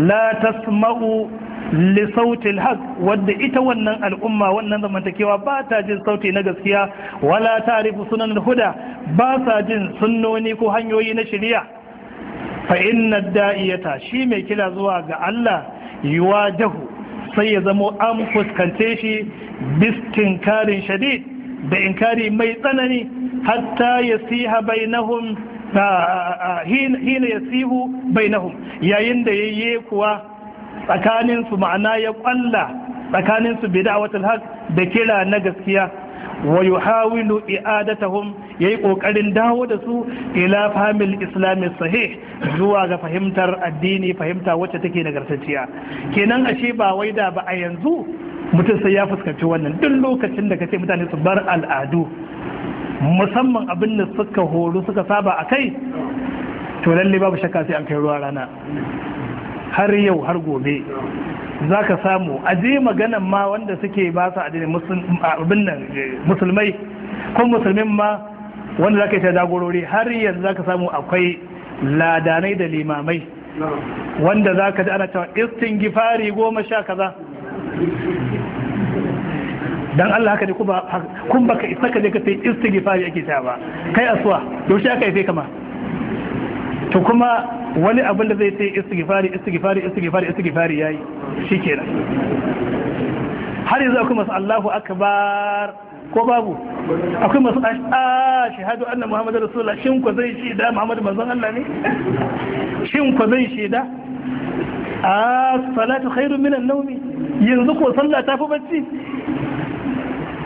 Speaker 1: la tasma'u lisautil haq wadda ita wannan al'umma wannan zamantakewa ba ta jin sauti na gaskiya wala tarifu sunan huda ba sa jin sunnoni ko hanyoyi na shirya". fa inna da'iyata shi mai kila zuwa ga Allah yuwajahu sai ya zamo an fuskance shi biskin karin shadid da inkari mai tsanani hatta yasiha bainahum ah, ah, ah, hina yasihu bainahum yayin da yayye kuwa tsakaninsu ma'ana ya kwalla tsakaninsu bida'awatul haq da kira na gaskiya wa yuhawilu i'adatahum yi kokarin dawo da su ila fahimil islami sahih zuwa ga fahimtar addini fahimta wacce take nagartacciya kenan ashe ba wai da ba a yanzu mutum sai ya fuskanci wannan duk lokacin da kace mutane su bar al'adu musamman abin da suka horu suka saba a kai to lalle babu shakka sai an kai ruwa rana har yau har gobe za ka samu aje maganan ma wanda suke ba su addini eh, musulmai ko musulmin ma wanda za ka yi ta jagorori har yanzu za ka samu akwai ladanai da limamai wanda za ka ji ana cewa istin gifari goma sha kaza dan Allah haka ne kun baka isa ka je ka sai istighfari ake ta ba kai yau shi aka yi sai kama to kuma wani abin da zai sai istighfari istighfari istighfari istighfari yayi shikenan har yanzu akwai masu Allahu akbar ko babu akwai masu a shahadu anna muhammadu rasulullah shin ko zai shaida muhammadu manzon Allah ne shin ko zai shaida a ah, salatu khairun minan nawmi yanzu ko sallah tafi bacci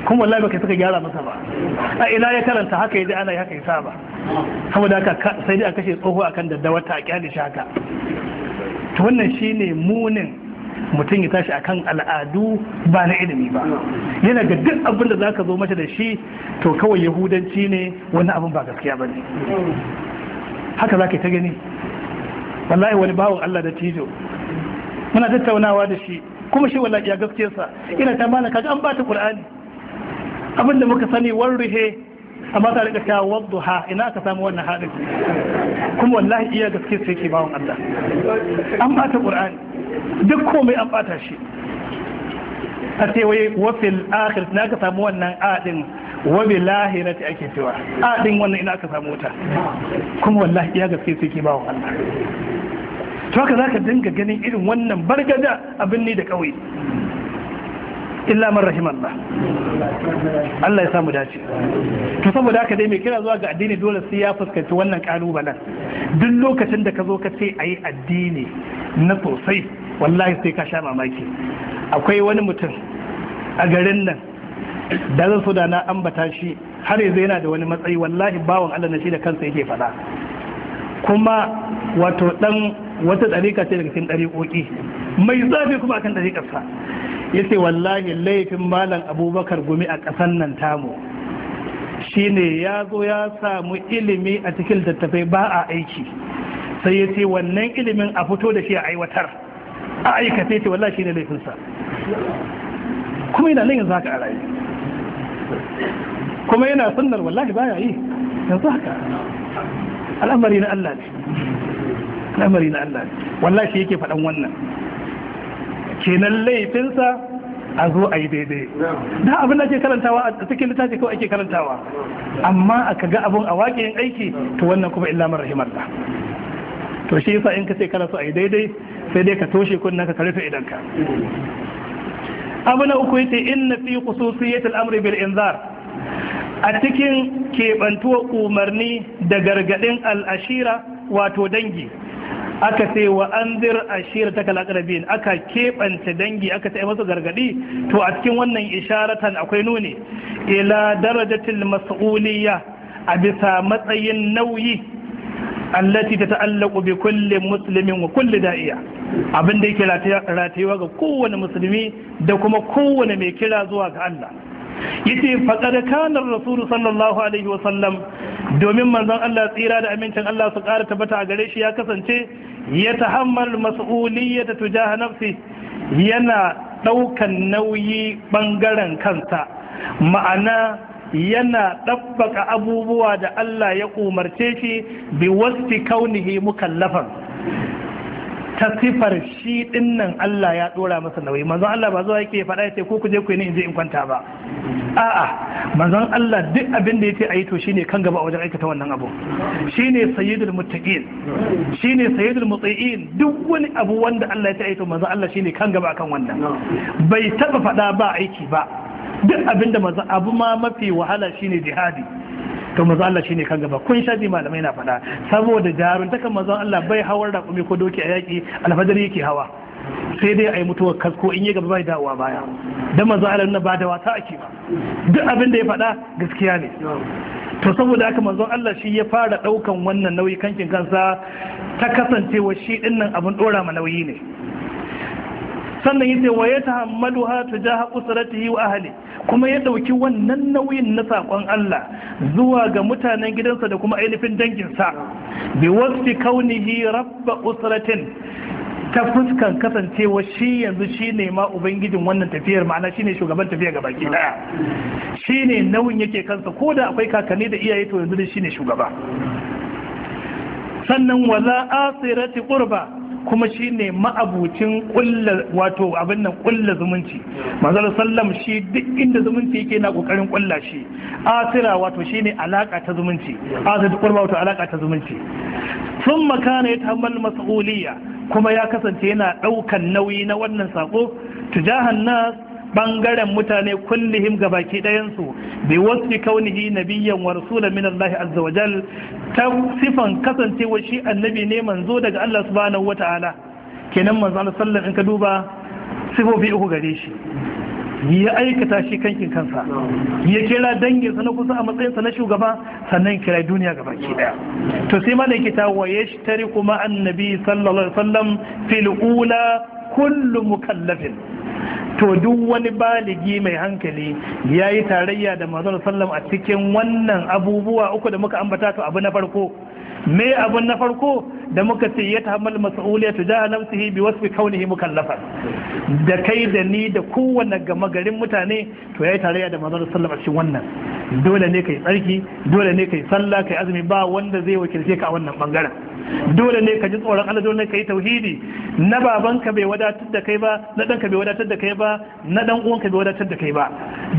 Speaker 1: kuma wallahi baka suka gyara masa ba a ina ya karanta haka yaji ana haka ya saba saboda haka sai dai a kashe tsoho akan daddawa ta kyale shi haka to wannan shine munin mutum ya tashi akan al'adu ba na ilimi ba yana ga duk abin da zaka zo mata da shi to kawai yahudanci ne wannan abin ba gaskiya bane haka zaka ta gani wallahi wani bawon Allah da tijo muna tattaunawa da shi kuma shi wallahi ya gaskiyarsa ina ta mana kaga an ta Qur'ani abin da muka sani warrihe a mata da ta wadda ha ina ka samu wannan haɗin kuma wallahi iya gaske sai ke bawon Allah an bata Qur'ani duk komai an bata shi a ce wai wafil akhir ina ka samu wannan adin wa billahi na ta ake cewa adin wannan ina ka samu wuta kuma wallahi iya gaske sai ke bawon Allah to haka zaka dinga ganin irin wannan bargada abin ne da kauye illa man rahimallah Allah ya samu dace to saboda haka dai mai kira zuwa ga addini dole sai ya fuskanci wannan kalubalen duk lokacin da ka zo ka ce ayi addini na sosai wallahi sai ka sha mamaki akwai wani mutum a garin nan da zan so da na ambata shi har yanzu yana da wani matsayi wallahi bawan Allah na shi da kansa yake faɗa kuma wato dan wata dariƙa ce daga cikin dariƙoƙi mai zafi kuma akan dariƙarsa yace wallahi laifin malam abubakar gumi a ƙasan nan tamu shine ya zo ya samu ilimi a cikin tattafai ba a aiki sai ya ce wannan ilimin a fito da shi a aiwatar a aikace ce wallahi shine laifinsa kuma yana nan yanzu haka a rayu kuma yana sunnar wallahi baya yi yanzu haka al'amari na Allah ne al'amari na Allah ne wallahi shi yake faɗan wannan kenan laifinsa a zo a yi daidai da abin da ke karantawa a cikin littafi kawai ake karantawa amma aka ga abin a waƙe aiki to wannan kuma illa rahimar rahimallah to shi yasa in ka ce kana a yi daidai sai dai ka toshe kunna ka karfe idan ka abu na uku yace na fi khususiyat al-amri bil inzar a cikin keɓantuwar umarni da gargaɗin al'ashira wato dangi aka sai wa anzir ashir ta kalakarabin aka keɓance dangi aka sai masu gargadi to a cikin wannan isharatan akwai nuni ila darajatil mas'uliyya a bisa matsayin nauyi allati ta ta'allaku bi kulli muslimin wa kulli da'iya abin da yake ratayewa ga kowane musulmi da kuma kowane mai kira zuwa ga Allah yace faqad kana rasul sallallahu alaihi wa domin manzon Allah tsira da amincin Allah su ƙara tabbata a gare shi ya kasance ya tahammal mas'uliyyata tujaha nafsi yana ɗaukan nauyi ɓangaren kansa ma'ana yana ɗabbaka abubuwa da Allah ya umarce shi bi wasu kaunihi mukallafan ta sifar shi din Allah ya dora masa nauyi manzon Allah ba zuwa yake faɗa yace ko ku je ku yi ni in je in kwanta ba a'a manzon Allah duk abin da yace ayi to shine kan gaba a wajen aikata wannan abu shine sayyidul muttaqin shine sayyidul muti'in duk wani abu wanda Allah ya ayi to manzon Allah shine kan gaba akan wannan bai taba faɗa ba aiki ba duk abin da manzon abu ma mafi wahala shine jihadi to manzo Allah shine kan gaba kun shaji malamai na fada saboda jaruntakan manzo Allah bai hawar da kuma ko doki a yaki alfadari yake hawa sai dai a yi mutuwar kasko in yi gaba bai dawowa baya don manzo Allah na ba wata ake ba duk abin da ya faɗa gaskiya ne to saboda haka manzon Allah shi ya fara ɗaukan wannan nauyi kankin kansa ta kasancewa shi dinnan abin ɗora ma nauyi ne sannan yace wa ja tujaha usratihi wa ahli kuma ya ɗauki wannan nauyin na sakon Allah zuwa ga mutanen gidansa da kuma ainihin danginsa bi wasfi kaunihi rabb usratin ta fuskan kasancewa shi yanzu shi ne ma ubangijin wannan tafiyar ma'ana shi ne shugaban tafiya ga baki daya shi ne nauyin yake kansa ko da akwai kakanni da iyaye to yanzu shi ne shugaba sannan wala asirati qurba kuma shi ne ma'abucin wato abin nan ƙulla zumunci manzala sallam shi duk inda zumunci yake na ƙoƙarin ƙulla shi asira wato shi ne alaƙa ta zumunci asira ta wato alaka ta zumunci sun makana ya tamal mas'uliya kuma ya kasance yana ɗaukan nauyi na wannan saƙo tujahan nas bangaren mutane kullihim ga baki ɗayansu bi wasfi kaunihi nabiyyan wa rasulan min Allah azza wa jal ta sifan kasancewa shi annabi ne manzo daga Allah subhanahu wa ta'ala kenan manzo Allah sallan in ka duba sifofi uku gare shi ya aikata shi kankin kansa ya kira danginsa na kusa a matsayinsa na shugaba sannan kira duniya ga baki daya to sai ma da yake shi tare kuma annabi sallallahu alaihi wasallam fil ula kullu mukallafin to duk wani baligi mai hankali ya yi tarayya da mazan sallam a cikin wannan abubuwa uku da muka ambata to abu na farko me abu na farko da muka ce ya tahammal mas'uliyatu da nafsihi bi wasfi kaunihi kallafa. da kai da ni da kowanne gama garin mutane to yayi tarayya da mazan sallam a cikin wannan dole ne kai tsarki dole ne kai sallah kai azumi ba wanda zai wakilce ka a wannan bangaren dole ne ka ji tsoron Allah dole ne ka yi tauhidi na babanka bai wadatar da kai ba na danka bai wadatar da kai ba na dan uwanka bai wadatar da kai ba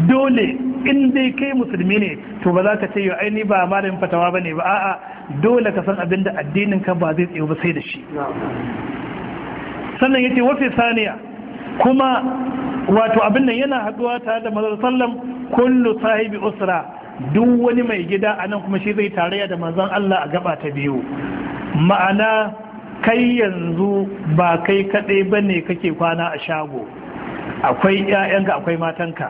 Speaker 1: dole in dai kai musulmi ne to ba za ka ce yau ni ba malamin fatawa bane ba a'a dole ka san abinda addinin ka ba zai tsayo ba sai da shi sannan yace wafi saniya kuma wato abin nan yana haduwa tare da manzon sallam kullu sahibi usra duk wani mai gida a nan kuma shi zai tarayya da manzon Allah a gaba ta biyu ma'ana kai yanzu ba kai kaɗai ba ne kake kwana a shago akwai 'ya'yanka akwai matanka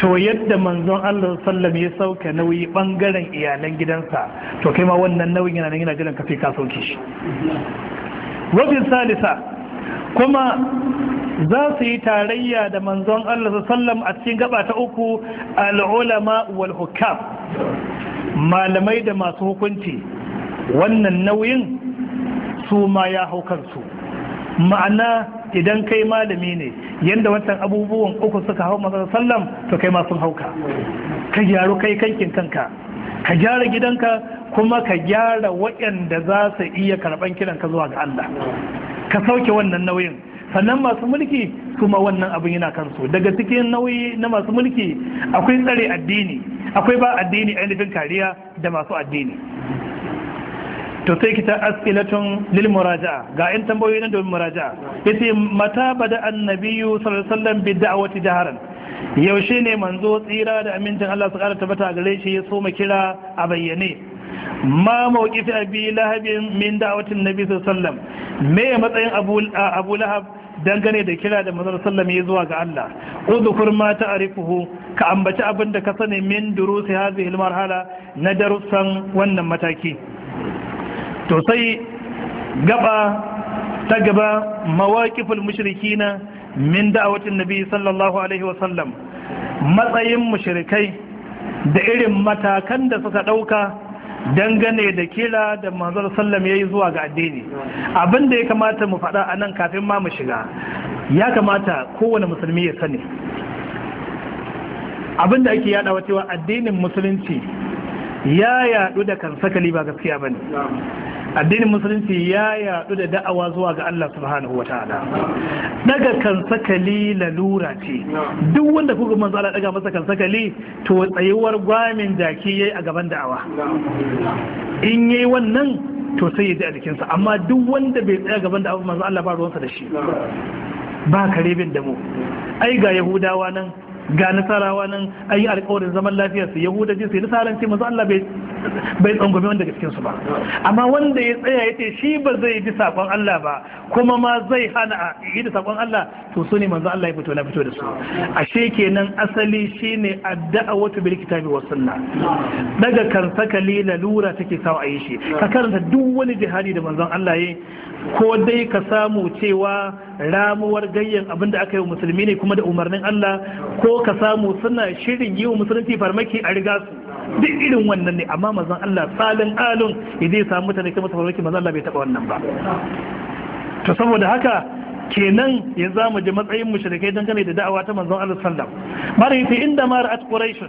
Speaker 1: to yadda manzon Allah sallam ya sauke nauyi bangaren iyalan gidansa to kai ma wannan nauyin yana nan yana jiran ka ka sauke shi wafin salisa kuma za su yi tarayya da manzon Allah sallam a cikin gaba ta uku alulama wal hukam malamai da masu hukunci wannan nauyin su ma ya hau kansu ma'ana idan kai malami ne yadda watan abubuwan uku suka hau masu sallam to kai ma sun hauka ka gyaru kai kankin kanka ka gyara gidanka kuma ka gyara waɗanda za su iya karɓan kiranka zuwa ga Allah ka sauke wannan nauyin sannan masu mulki kuma wannan abin yana kansu daga cikin nauyi na masu mulki akwai tsare addini akwai ba addini ainihin kariya da masu addini to sai kita as'ilatun lil muraja'a ga yan tambayoyi nan domin muraja'a yace mata bada annabiyu sallallahu alaihi wasallam bi da'wati jaharan yaushe ne manzo tsira da amincin Allah su kara tabbata gare shi ya soma kira a bayyane ma mawqifi abi lahab min da'watin nabi sallallahu alaihi wasallam me matsayin abu abu lahab dangane da kira da manzon sallam ya zuwa ga Allah udhkur ma ta'rifuhu ka ambaci abinda ka sani min durusi hadhihi al-marhala na darussan wannan mataki to sai gaba ta gaba mawaqiful mushrikina min da'awacin nabi sallallahu alaihi wasallam matsayin mushrikai da irin matakan da suka dauka dangane da kira da mazar sallam ya yi zuwa ga addini abin da ya kamata mu faɗa nan kafin ma mu shiga ya kamata kowane musulmi ya sani abinda ake yaɗa wacewa addinin musulunci ya yadu da kansakali ba gaskiya ba ne. addinin musulunci ya yadu da da'awa zuwa ga Allah subhanahu wataala daga kan sakali lalura ce duk wanda kuka manzo Allah daga masa kan sakali to tsayuwar gwamin jaki yayi a gaban da'awa in yayi wannan to sai ya ji a jikinsa amma duk wanda bai tsaya gaban da'awa manzo Allah ba ruwansa da shi ba kare bin da mu ai ga yahudawa nan ga nasarawa nan a yi alkawarin zaman lafiya su yahuda jinsu nasaran ce mazu Allah bai tsangwame wanda cikin su ba amma wanda ya tsaya ya ce shi ba zai bi sakon Allah ba kuma ma zai hana a yi da sakon Allah to su ne manzo Allah ya fito na fito da su ashe kenan asali shine ne dawatu bil kitabi was sunna daga kan sakali lalura take sawa a yi shi ka karanta duk wani jihadi da manzon Allah yayi ko dai ka samu cewa ramuwar gayyan abin da aka yi wa musulmi ne kuma da umarnin Allah ko ka samu suna shirin yi wa musulunci farmaki a riga su duk irin wannan ne amma mazan Allah salin alun idai samu mutane kuma farmaki mazan Allah bai taɓa wannan ba to saboda haka kenan ya za mu ji matsayin mushrikai dangane da da'awa ta manzon Allah sallam mara yace inda ma ra'at quraish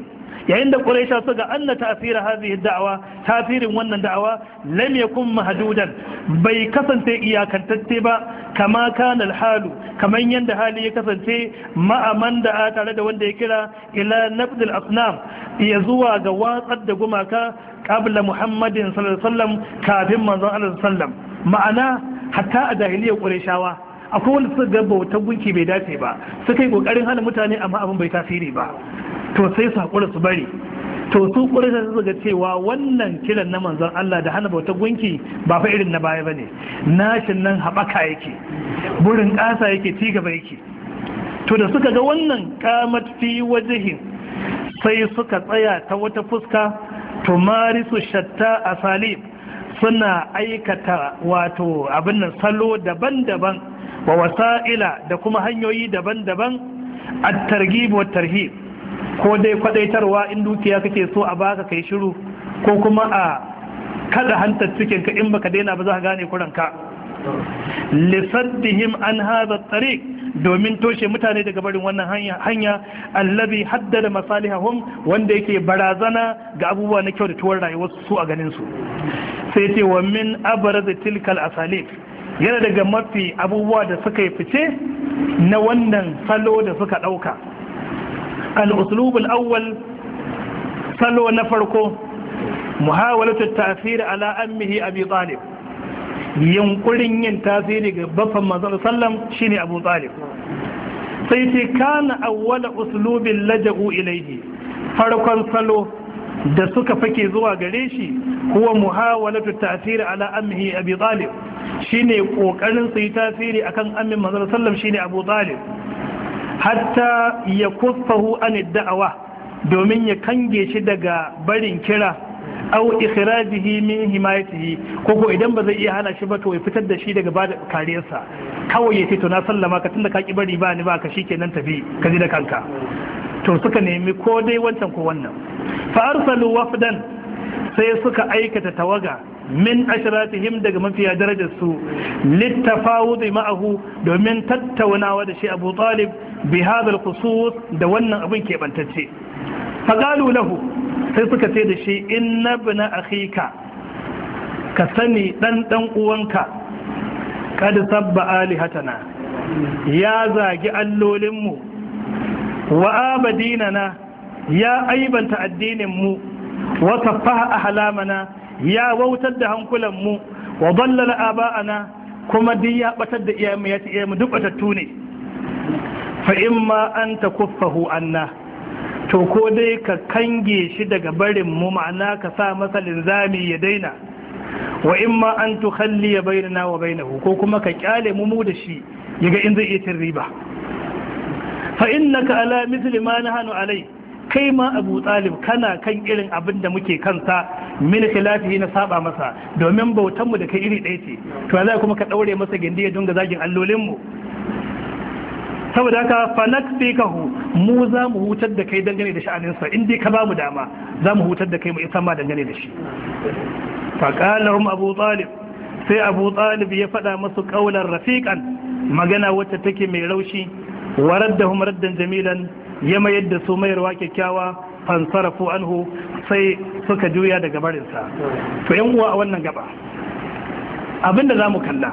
Speaker 1: yayin da quraish ga anna ta'sir hadhihi da'awa tasirin wannan da'awa lam yakun mahdudan bai kasance iyakantacce ba kama kana halu kaman yanda hali ya kasance ma'aman da tare da wanda ya kira ila nabdul asnam ya zuwa ga watsar da gumaka qabla muhammadin sallallahu alaihi wasallam kafin manzon Allah sallam ma'ana hatta a jahiliyyar qurayshawa akwai wanda suka ga bautar gunki bai dace ba suka yi kokarin hana mutane amma abin bai tasiri ba to sai su haƙura su bari to su ƙurisa su ga cewa wannan kiran na manzon Allah da hana bautar gunki ba fa irin na baya ba ne. nashin nan haɓaka yake burin ƙasa yake ci gaba yake to da suka ga wannan kamat fi wajihin sai suka tsaya ta wata fuska to su shatta a Salim, suna aikata wato abin nan salo daban-daban wa wasa'ila da kuma hanyoyi daban-daban a targibu wa tarhib ko dai kwadaitarwa in dukiya kake so a baka kai shiru ko kuma a kada hantar cikin ka in baka daina ba za ka gane kuranka lisaddihim an hadha tariq domin toshe mutane daga barin wannan hanya hanya allazi haddada masalihahum wanda yake barazana ga abubuwa na kyau da tuwar rayuwar su a ganin su sai ce wa min abrazi tilkal asalif yana daga mafi abubuwa da suka yi fice na wannan salo da suka ɗauka al'usulubul awwal salo na farko muhawalatu tasiri ala ammihi abi talib yunkurin yin tasiri ga baffan manzon sallam shine abu talib sai ce kana awwala uslubin laja'u ilaihi. farkon salo da suka fake zuwa gare shi kuwa muhawalatu ta'thir ala amhi abi talib shine kokarin su tasiri akan amin manzon sallam shine abu talib hatta ya kuffahu an da'awa domin ya kange shi daga barin kira au ikhrajihi min himayatihi koko idan ba zai iya hana shi ba to ya fitar da shi daga bada kariyarsa kawai ya ce to na sallama ka tunda ka ki bari ba ni ba ka shi shikenan tafi ka ji da kanka to suka nemi ko dai wancan ko wannan fa arsalu wafdan sai suka aikata tawaga min ashiratihim daga mafiya darajar su littafawudi ma'ahu domin tattaunawa da shi Abu Talib bi hadal da wannan abin kebantacce. fa qalu lahu sai suka ce da shi inna ibna akhika ka sani dan dan uwanka kada sabba alihatana ya zagi allolinmu wa na ya aibanta mu, wa tafaha ahlamana ya wautar da hankulan mu, wa dallala na kuma duk ya batar da iyayenmu ya ce mu duk batattu ne in ma an kuffahu anna to ko dai ka kange shi daga barin mu ma'ana ka sa masa linzami ya daina wa in ma an tukhalli bainana wa bainahu ko kuma ka kyale mu mu da shi yaga in zai iya cin riba fa innaka ala mithli ma nahanu alai kai ma abu talib kana kan irin abin da muke kansa min khilafihi na saba masa domin bautan mu da kai iri ɗaya ce to za kuma ka ɗaure masa gindi ya dinga zagin allolin mu saboda haka fanakfikahu mu za mu hutar da kai dangane da sha'aninsa in dai ka ba mu dama za mu hutar da kai mu isa ma dangane da shi faƙalar abu talib sai abu talib ya faɗa masu ƙaunar rafiƙan magana wacce take mai raushi wa raddahum raddan jamilan ya mayar da su mayarwa kyakkyawa fansarafu anhu sai suka juya daga barinsa to yan uwa a wannan gaba abinda zamu kalla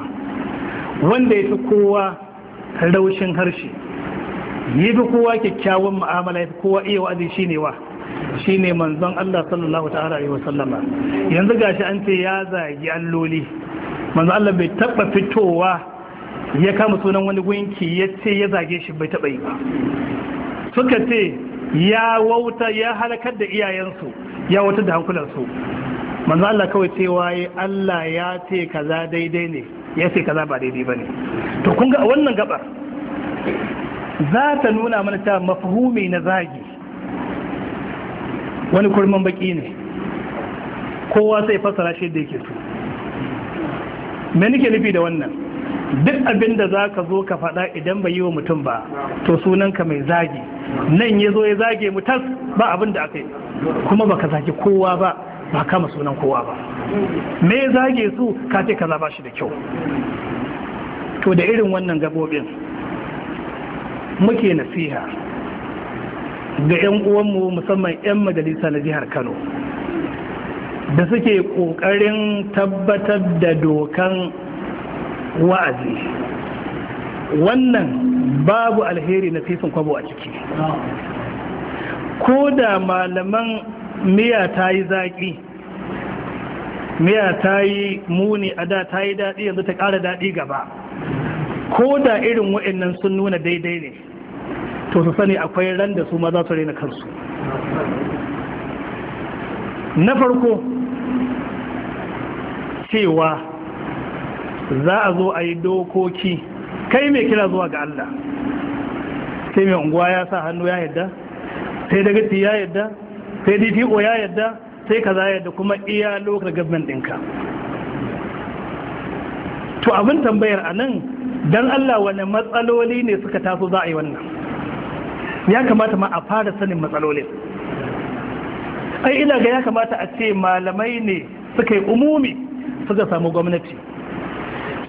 Speaker 1: wanda yafi kowa raushin harshe yafi kowa kyakkyawan mu'amala yafi kowa iya wa'azi shine wa shine manzon Allah sallallahu ta'ala alaihi wasallama yanzu gashi an ce ya zagi alloli manzon Allah bai taba fitowa ya kama sunan wani gunki ya ce ya zage shi bai taɓa yi ba suka ce ya wauta ya halakar da iyayensu ya wautar da hankularsu manzo Allah kawai cewa ya Allah ya ce kaza daidai ne ya ce kaza ba daidai ba ne to kun ga wannan gabar za ta nuna mana ta mafhumi na zagi wani kurman baki ne kowa sai fasara shi da yake so me nake nufi da wannan duk abin da za ka zo ka faɗa idan bai yi wa mutum ba to sunanka mai zagi nan ya zo ya zage mu tas ba abin da aka yi kuma baka zage kowa ba ba kama sunan kowa ba me ya zage su ka ce kaza ba shi da kyau to da irin wannan gabobin muke nasiha ga 'yan uwanmu musamman 'yan majalisa na jihar kano da suke ƙoƙarin tabbatar da dokan wa'azi wannan babu alheri na fifin kwabo a ciki ko da malaman miya ta yi zaƙi miya ta yi muni a da ta yi daɗi yanzu ta ƙara daɗi gaba ko da irin wa'annan sun nuna daidai ne to su sani akwai ran da su ma za su raina kansu na farko cewa za a zo a yi dokoki kai mai kira zuwa ga Allah sai mai unguwa ya sa hannu ya yadda sai dagati ya yadda sai dpo ya yadda sai ka za yadda kuma iya lokar government ɗinka to abin tambayar a nan don Allah wani matsaloli ne suka taso za a yi wannan ya kamata ma a fara sanin matsalolin ai ina ga ya kamata a ce malamai ne suka yi umumi suka samu gwamnati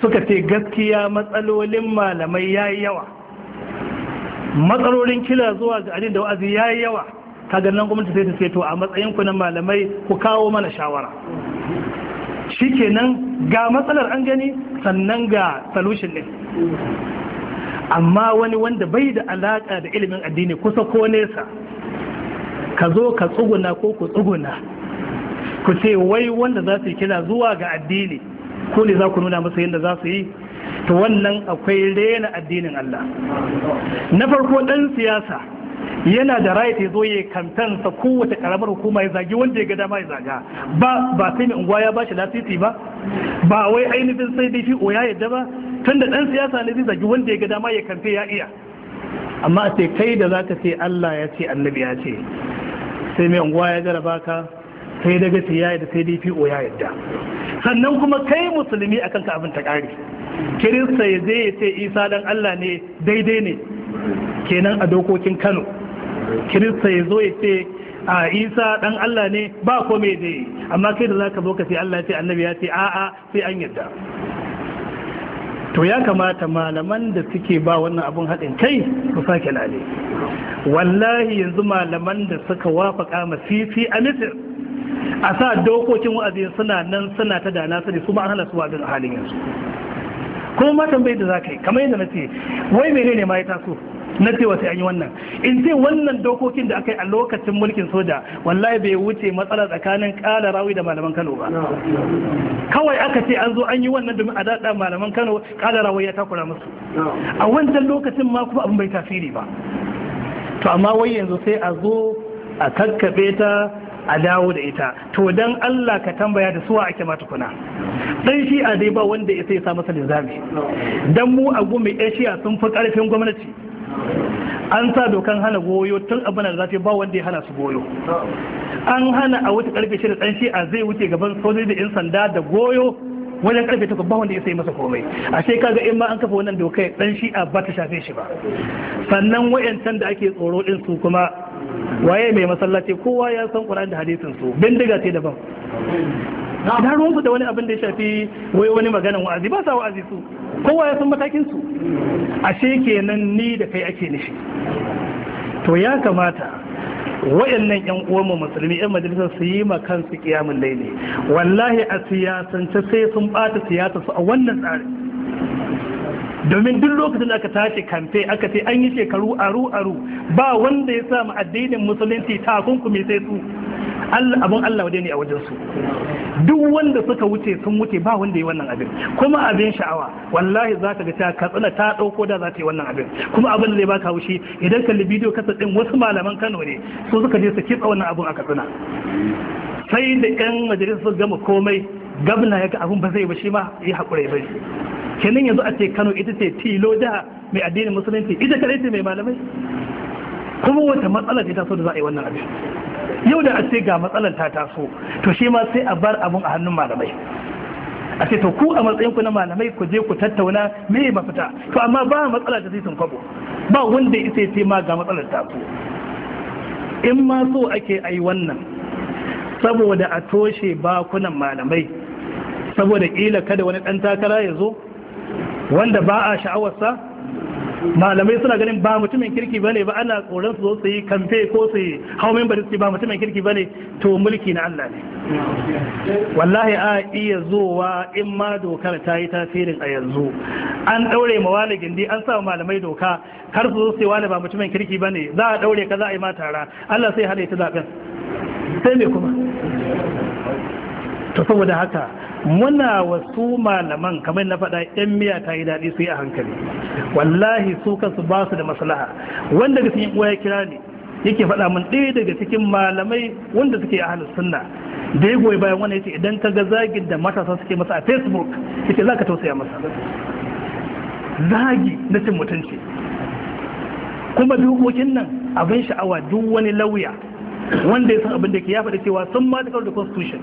Speaker 1: suka ce gaskiya matsalolin malamai ya yi yawa matsalolin kila zuwa ga adin da wa'azi ya yi yawa ta ganin gwamnati sai ta ce to a matsayin ku na malamai ku kawo mana shawara shi nan ga matsalar an gani sannan ga solution ne amma wani wanda bai da alaƙa da ilimin addini kusa ko nesa ka zo ka tsuguna ko ku tsuguna ku ce wai wanda za su kira zuwa ga addini ko ne za ku nuna masa yadda za su yi Ta wannan akwai rena addinin Allah na farko ɗan siyasa yana da right ya zo ya sa kowace karamar hukuma ya zagi wanda ya ga dama ya zaga ba sai mai unguwa ya ba shi lasisi ba ba wai ainihin sai dai shi oya yadda ba tunda ɗan siyasa ne zai zagi wanda ya ga dama ya kamfe ya iya amma a ce kai da za ka ce Allah ya ce annabi ya ce sai mai unguwa ya jaraba ka sai daga ce ya yadda sai dpo ya yadda sannan kuma kai musulmi akan ka abin ta kare kirista ya zai ce isa dan allah ne daidai ne kenan a dokokin kano kirista ya zo ya ce a isa dan allah ne ba komai dai amma kai da zaka zo ka sai allah ce annabi ya ce a'a sai an yadda to ya kamata malaman da suke ba wannan abun haɗin kai su sake lale wallahi yanzu malaman da suka wafaka masifi a misir a sa dokokin wa'azi suna nan suna ta dana su ne su ba hana su wa'azin a halin yanzu kuma ma bai da za ka yi kamar yadda na ce wai mene ne ma ya taso na ce wasu an yi wannan in ce wannan dokokin da aka yi a lokacin mulkin soja wallahi bai wuce matsala tsakanin kala rawi da malaman kano ba kawai aka ce an zo an yi wannan domin a daɗa malaman kano kala rawi ya takura musu a wancan lokacin ma kuma abin bai tasiri ba to amma wai yanzu sai a zo a kakkaɓe ta a dawo da ita to dan Allah ka tambaya da suwa ake mata kuna dan shi a dai ba wanda ya sai sa masa lizami. dan mu a gumi Asia sun fi karfin gwamnati an sa dokan hana goyo tun abin da zafi ba wanda ya hana su goyo an hana a wuce karfe da dan shi a zai wuce gaban sojoji da yan sanda da goyo wajen karfe takwas ba wanda ya sai masa komai a sai kaga in ma an kafa wannan dokai dan shi'a ba ta shafe shi ba sannan wayancan da ake tsoro din su kuma waye mai masallaci kowa ya san Qur'ani da hadisin su bindiga ce daban na ruwansu da wani abin da ya shafi wai wani maganan wa'azi ba sa wa'azi su kowa ya san matakin su ashe kenan ni da kai ake nishi to ya kamata wayannan yan mu musulmi yan majalisar su yi ma kansu kiyamun laili wallahi a siyasance sai sun bata siyasa su a wannan tsarin domin duk lokacin da aka tashi kamfe aka ce an yi shekaru aru aru ba wanda ya samu addinin musulunci kunkume sai su Allah abun Allah wadai ne a wajen su duk wanda suka wuce sun wuce ba wanda ya wannan abin kuma abin sha'awa wallahi zaka ga ta katsina ta dauko da za ta yi wannan abin kuma abin da zai baka haushi idan kalli bidiyo kasa din wasu malaman Kano ne su suka je su kitsa wannan abun a katsina sai da yan majalisar gama komai gabna ya ga abun ba zai ba shi ma yi hakuri ba kenan yanzu a ce kano ita ce tilo jiha mai addinin musulunci ita kare ce mai malamai kuma wata matsala ta taso da za a yi wannan abin yau da a ce ga matsalar ta taso to shi ma sai a bar abin a hannun malamai a ce to ku a matsayin ku na malamai ku je ku tattauna me mafita to amma ba matsala ta sun kwabo ba wanda ita ce ma ga matsalar ta taso. in ma so ake ai wannan saboda a toshe bakunan malamai saboda kila kada wani dan takara ya zo wanda ba a sha'awarsa malamai suna ganin ba mutumin kirki bane ba ana tsoron su zo su yi kamfe ko su yi hau member su ba mutumin kirki bane to mulki na Allah ne wallahi a iya zowa in ma dokar ta yi tasirin a yanzu an daure ma wani gindi an sa malamai doka kar su zo su yi wani ba mutumin kirki bane za a daure ka za a yi ma tara Allah sai hada ta zaben sai me kuma to saboda haka muna wasu malaman kamar na faɗa yan miya ta yi daɗi su yi a hankali wallahi su kansu ba su da maslaha wanda ga cikin uwa ya kira ne yake faɗa min ɗaya daga cikin malamai wanda suke a halin sunna da ya goyi bayan wani yace idan ka ga zagin da matasa suke masa a facebook ce za ka tausaya masa zagi na cin mutunci kuma dokokin nan abin sha'awa duk wani lauya wanda ya san abin da ke ya faɗi cewa sun ma da constitution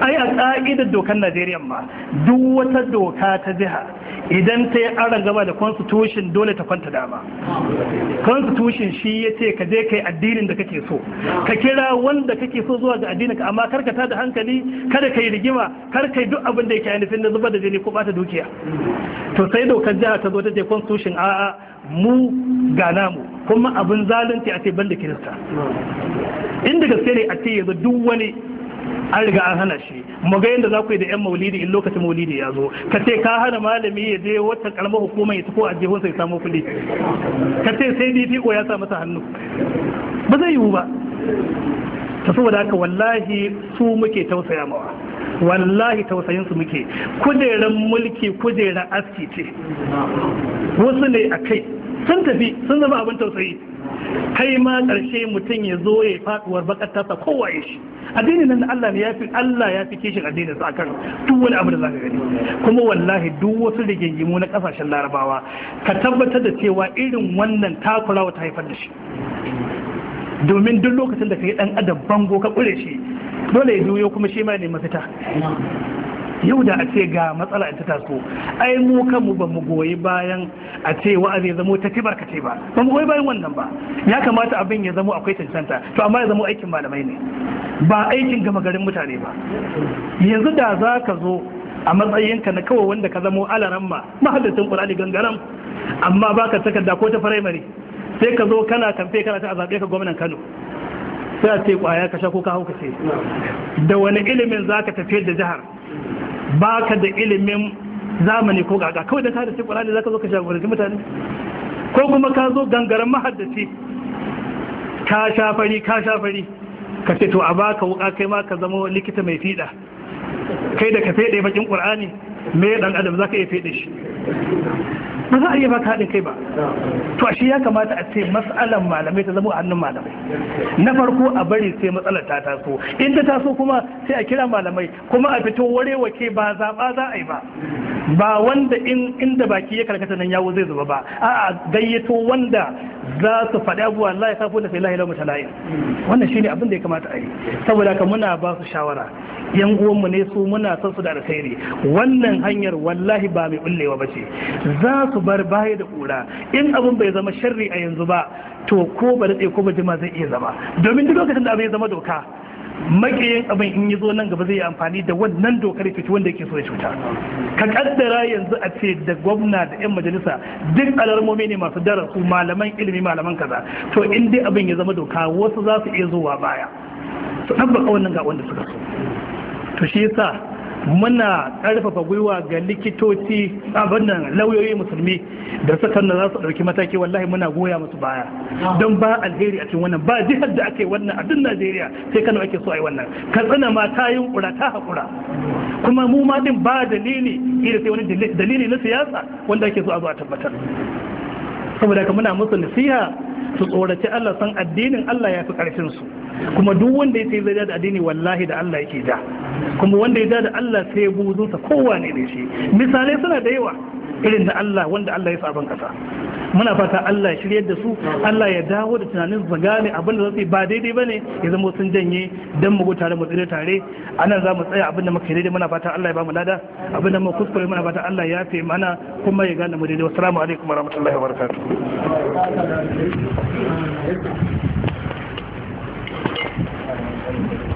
Speaker 1: ai a ƙa'idar dokar najeriya ma duk wata doka ta jiha idan ta yi aron gaba da constitution dole ta kwanta dama constitution shi ya ce ka je kai addinin da kake so ka kira wanda kake so zuwa ga addinin ka amma karka ta da hankali kada ka yi rigima kar kai yi duk abin da yake ainihin na zuba da jini ko bata dukiya to sai dokar jiha ta zo ta je constitution a mu ga namu kuma abin zalunci a ce banda kirista inda gaske ne a ce yanzu duk wani an riga an hana shi mu ga yadda za yi da 'yan maulidi in lokacin maulidi ya zo ka ce ka hana malami ya je wata karamar hukumar ya tafi a jihunsa ya samu kuɗi ka ce sai dpo ya sa masa hannu ba zai yiwu ba ta saboda haka wallahi su muke tausaya mawa wallahi tausayin su muke kujeran mulki kujeran aski ce wasu ne a kai sun tafi sun zama abin tausayi kai ma ƙarshe mutum ya zo ya faɗuwar bakar tasa kowaye shi addinin nan Allah ne ya fi Allah ya fi kishin addinin sa akan duk wani abu da zaka gani kuma wallahi duk wasu rigingimu na kasashen larabawa ka tabbatar da cewa irin wannan takurawa ta haifar da shi domin duk lokacin da ka yi dan adam bango ka kure shi dole ya juyo kuma shi ma ne mafita yau da a ce ga matsala ta taso ai mu kanmu ba mu goyi bayan a ce wa'azi ya zamo ta ce barka ce ba ba mu goyi bayan wannan ba ya kamata abin ya zamo akwai cancanta to amma ya zamo aikin malamai ne ba aikin gama garin mutane ba yanzu da za ka zo a matsayinka na kawai wanda ka zamo alaramma mahaddacin kurani gangaren amma ba baka takarda ko ta firamare sai ka zo kana kamfe kana ta zaɓe ka gwamnan Kano sai a ce kwaya ka sha ko ka hauka sai da wani ilimin zaka tafiyar da jihar ba ka da ilimin zamani ko gaga kawai da ka da shi za ka zo ka shafarci mutane ko kuma ka zo gangaren mahaddaci ka shafari ka shafari ka ce to a baka ka wuka kai ma ka zama likita mai fiɗa kai da ka feɗe bakin ƙwarani me ɗan adam za ka iya feɗe shi ba za a iya baka haɗin kai ba to shi ya kamata a ce matsalan malamai ta zama a hannun malamai na farko a bari sai matsalar ta taso in ta taso kuma sai a kira malamai kuma a fito ware wake ba zaɓa za a yi ba ba wanda inda baki ya karkata nan yawo zai zuba ba a gayyato wanda za su faɗi abuwa Allah ya kafo da sai lahi lamu talayin wannan shine abin da ya kamata a yi saboda ka muna ba su shawara yan uwanmu ne su muna san su da alkhairi wannan hanyar wallahi ba mai bullewa ba ce za su bar baya da kura in abin bai zama sharri a yanzu ba to ko ba da ko ba jima zai iya zama domin duk lokacin da abin ya zama doka makiyin abin in yi zo nan gaba zai yi amfani da wannan dokar ya wanda yake so ya cuta ka kaddara yanzu a ce da gwamna da yan majalisa duk alarmomi ne masu dara darasu malaman ilimi malaman kaza to in dai abin ya zama doka wasu za su iya zuwa baya su ɗabbaka wannan ga wanda suka so to shi yasa muna karfafa gwiwa ga likitoci abin nan lauyoyi musulmi da suka na za su ɗauki mataki wallahi muna goya musu baya don ba alheri a cikin wannan ba jihar da ake wannan a duk najeriya sai kano ake so a yi wannan katsina ma ta yi ƙura ta haƙura kuma mu ma din ba dalili iri sai wani dalili na siyasa wanda ake so a zo a tabbatar saboda ka muna musu nasiha su tsoraci Allah san addinin Allah ya fi karfin su kuma duk wanda ya sai zai da addini wallahi da Allah yake da kuma wanda ya da Allah sai buzunsa kowa ne shi misalai suna da yawa irin da Allah wanda Allah ya sa kasa muna fata Allah ya shiryar da su Allah ya dawo da tunanin su gane abin da zasu ba daidai bane ya zama sun janye dan mu tare mu tsire tare anan za mu tsaya abin da muka daidai muna fata Allah ya ba mu lada abin da mu kuskure muna fata Allah ya yafe mana kuma ya gane mu daidai assalamu alaikum warahmatullahi wabarakatuh
Speaker 2: wa you.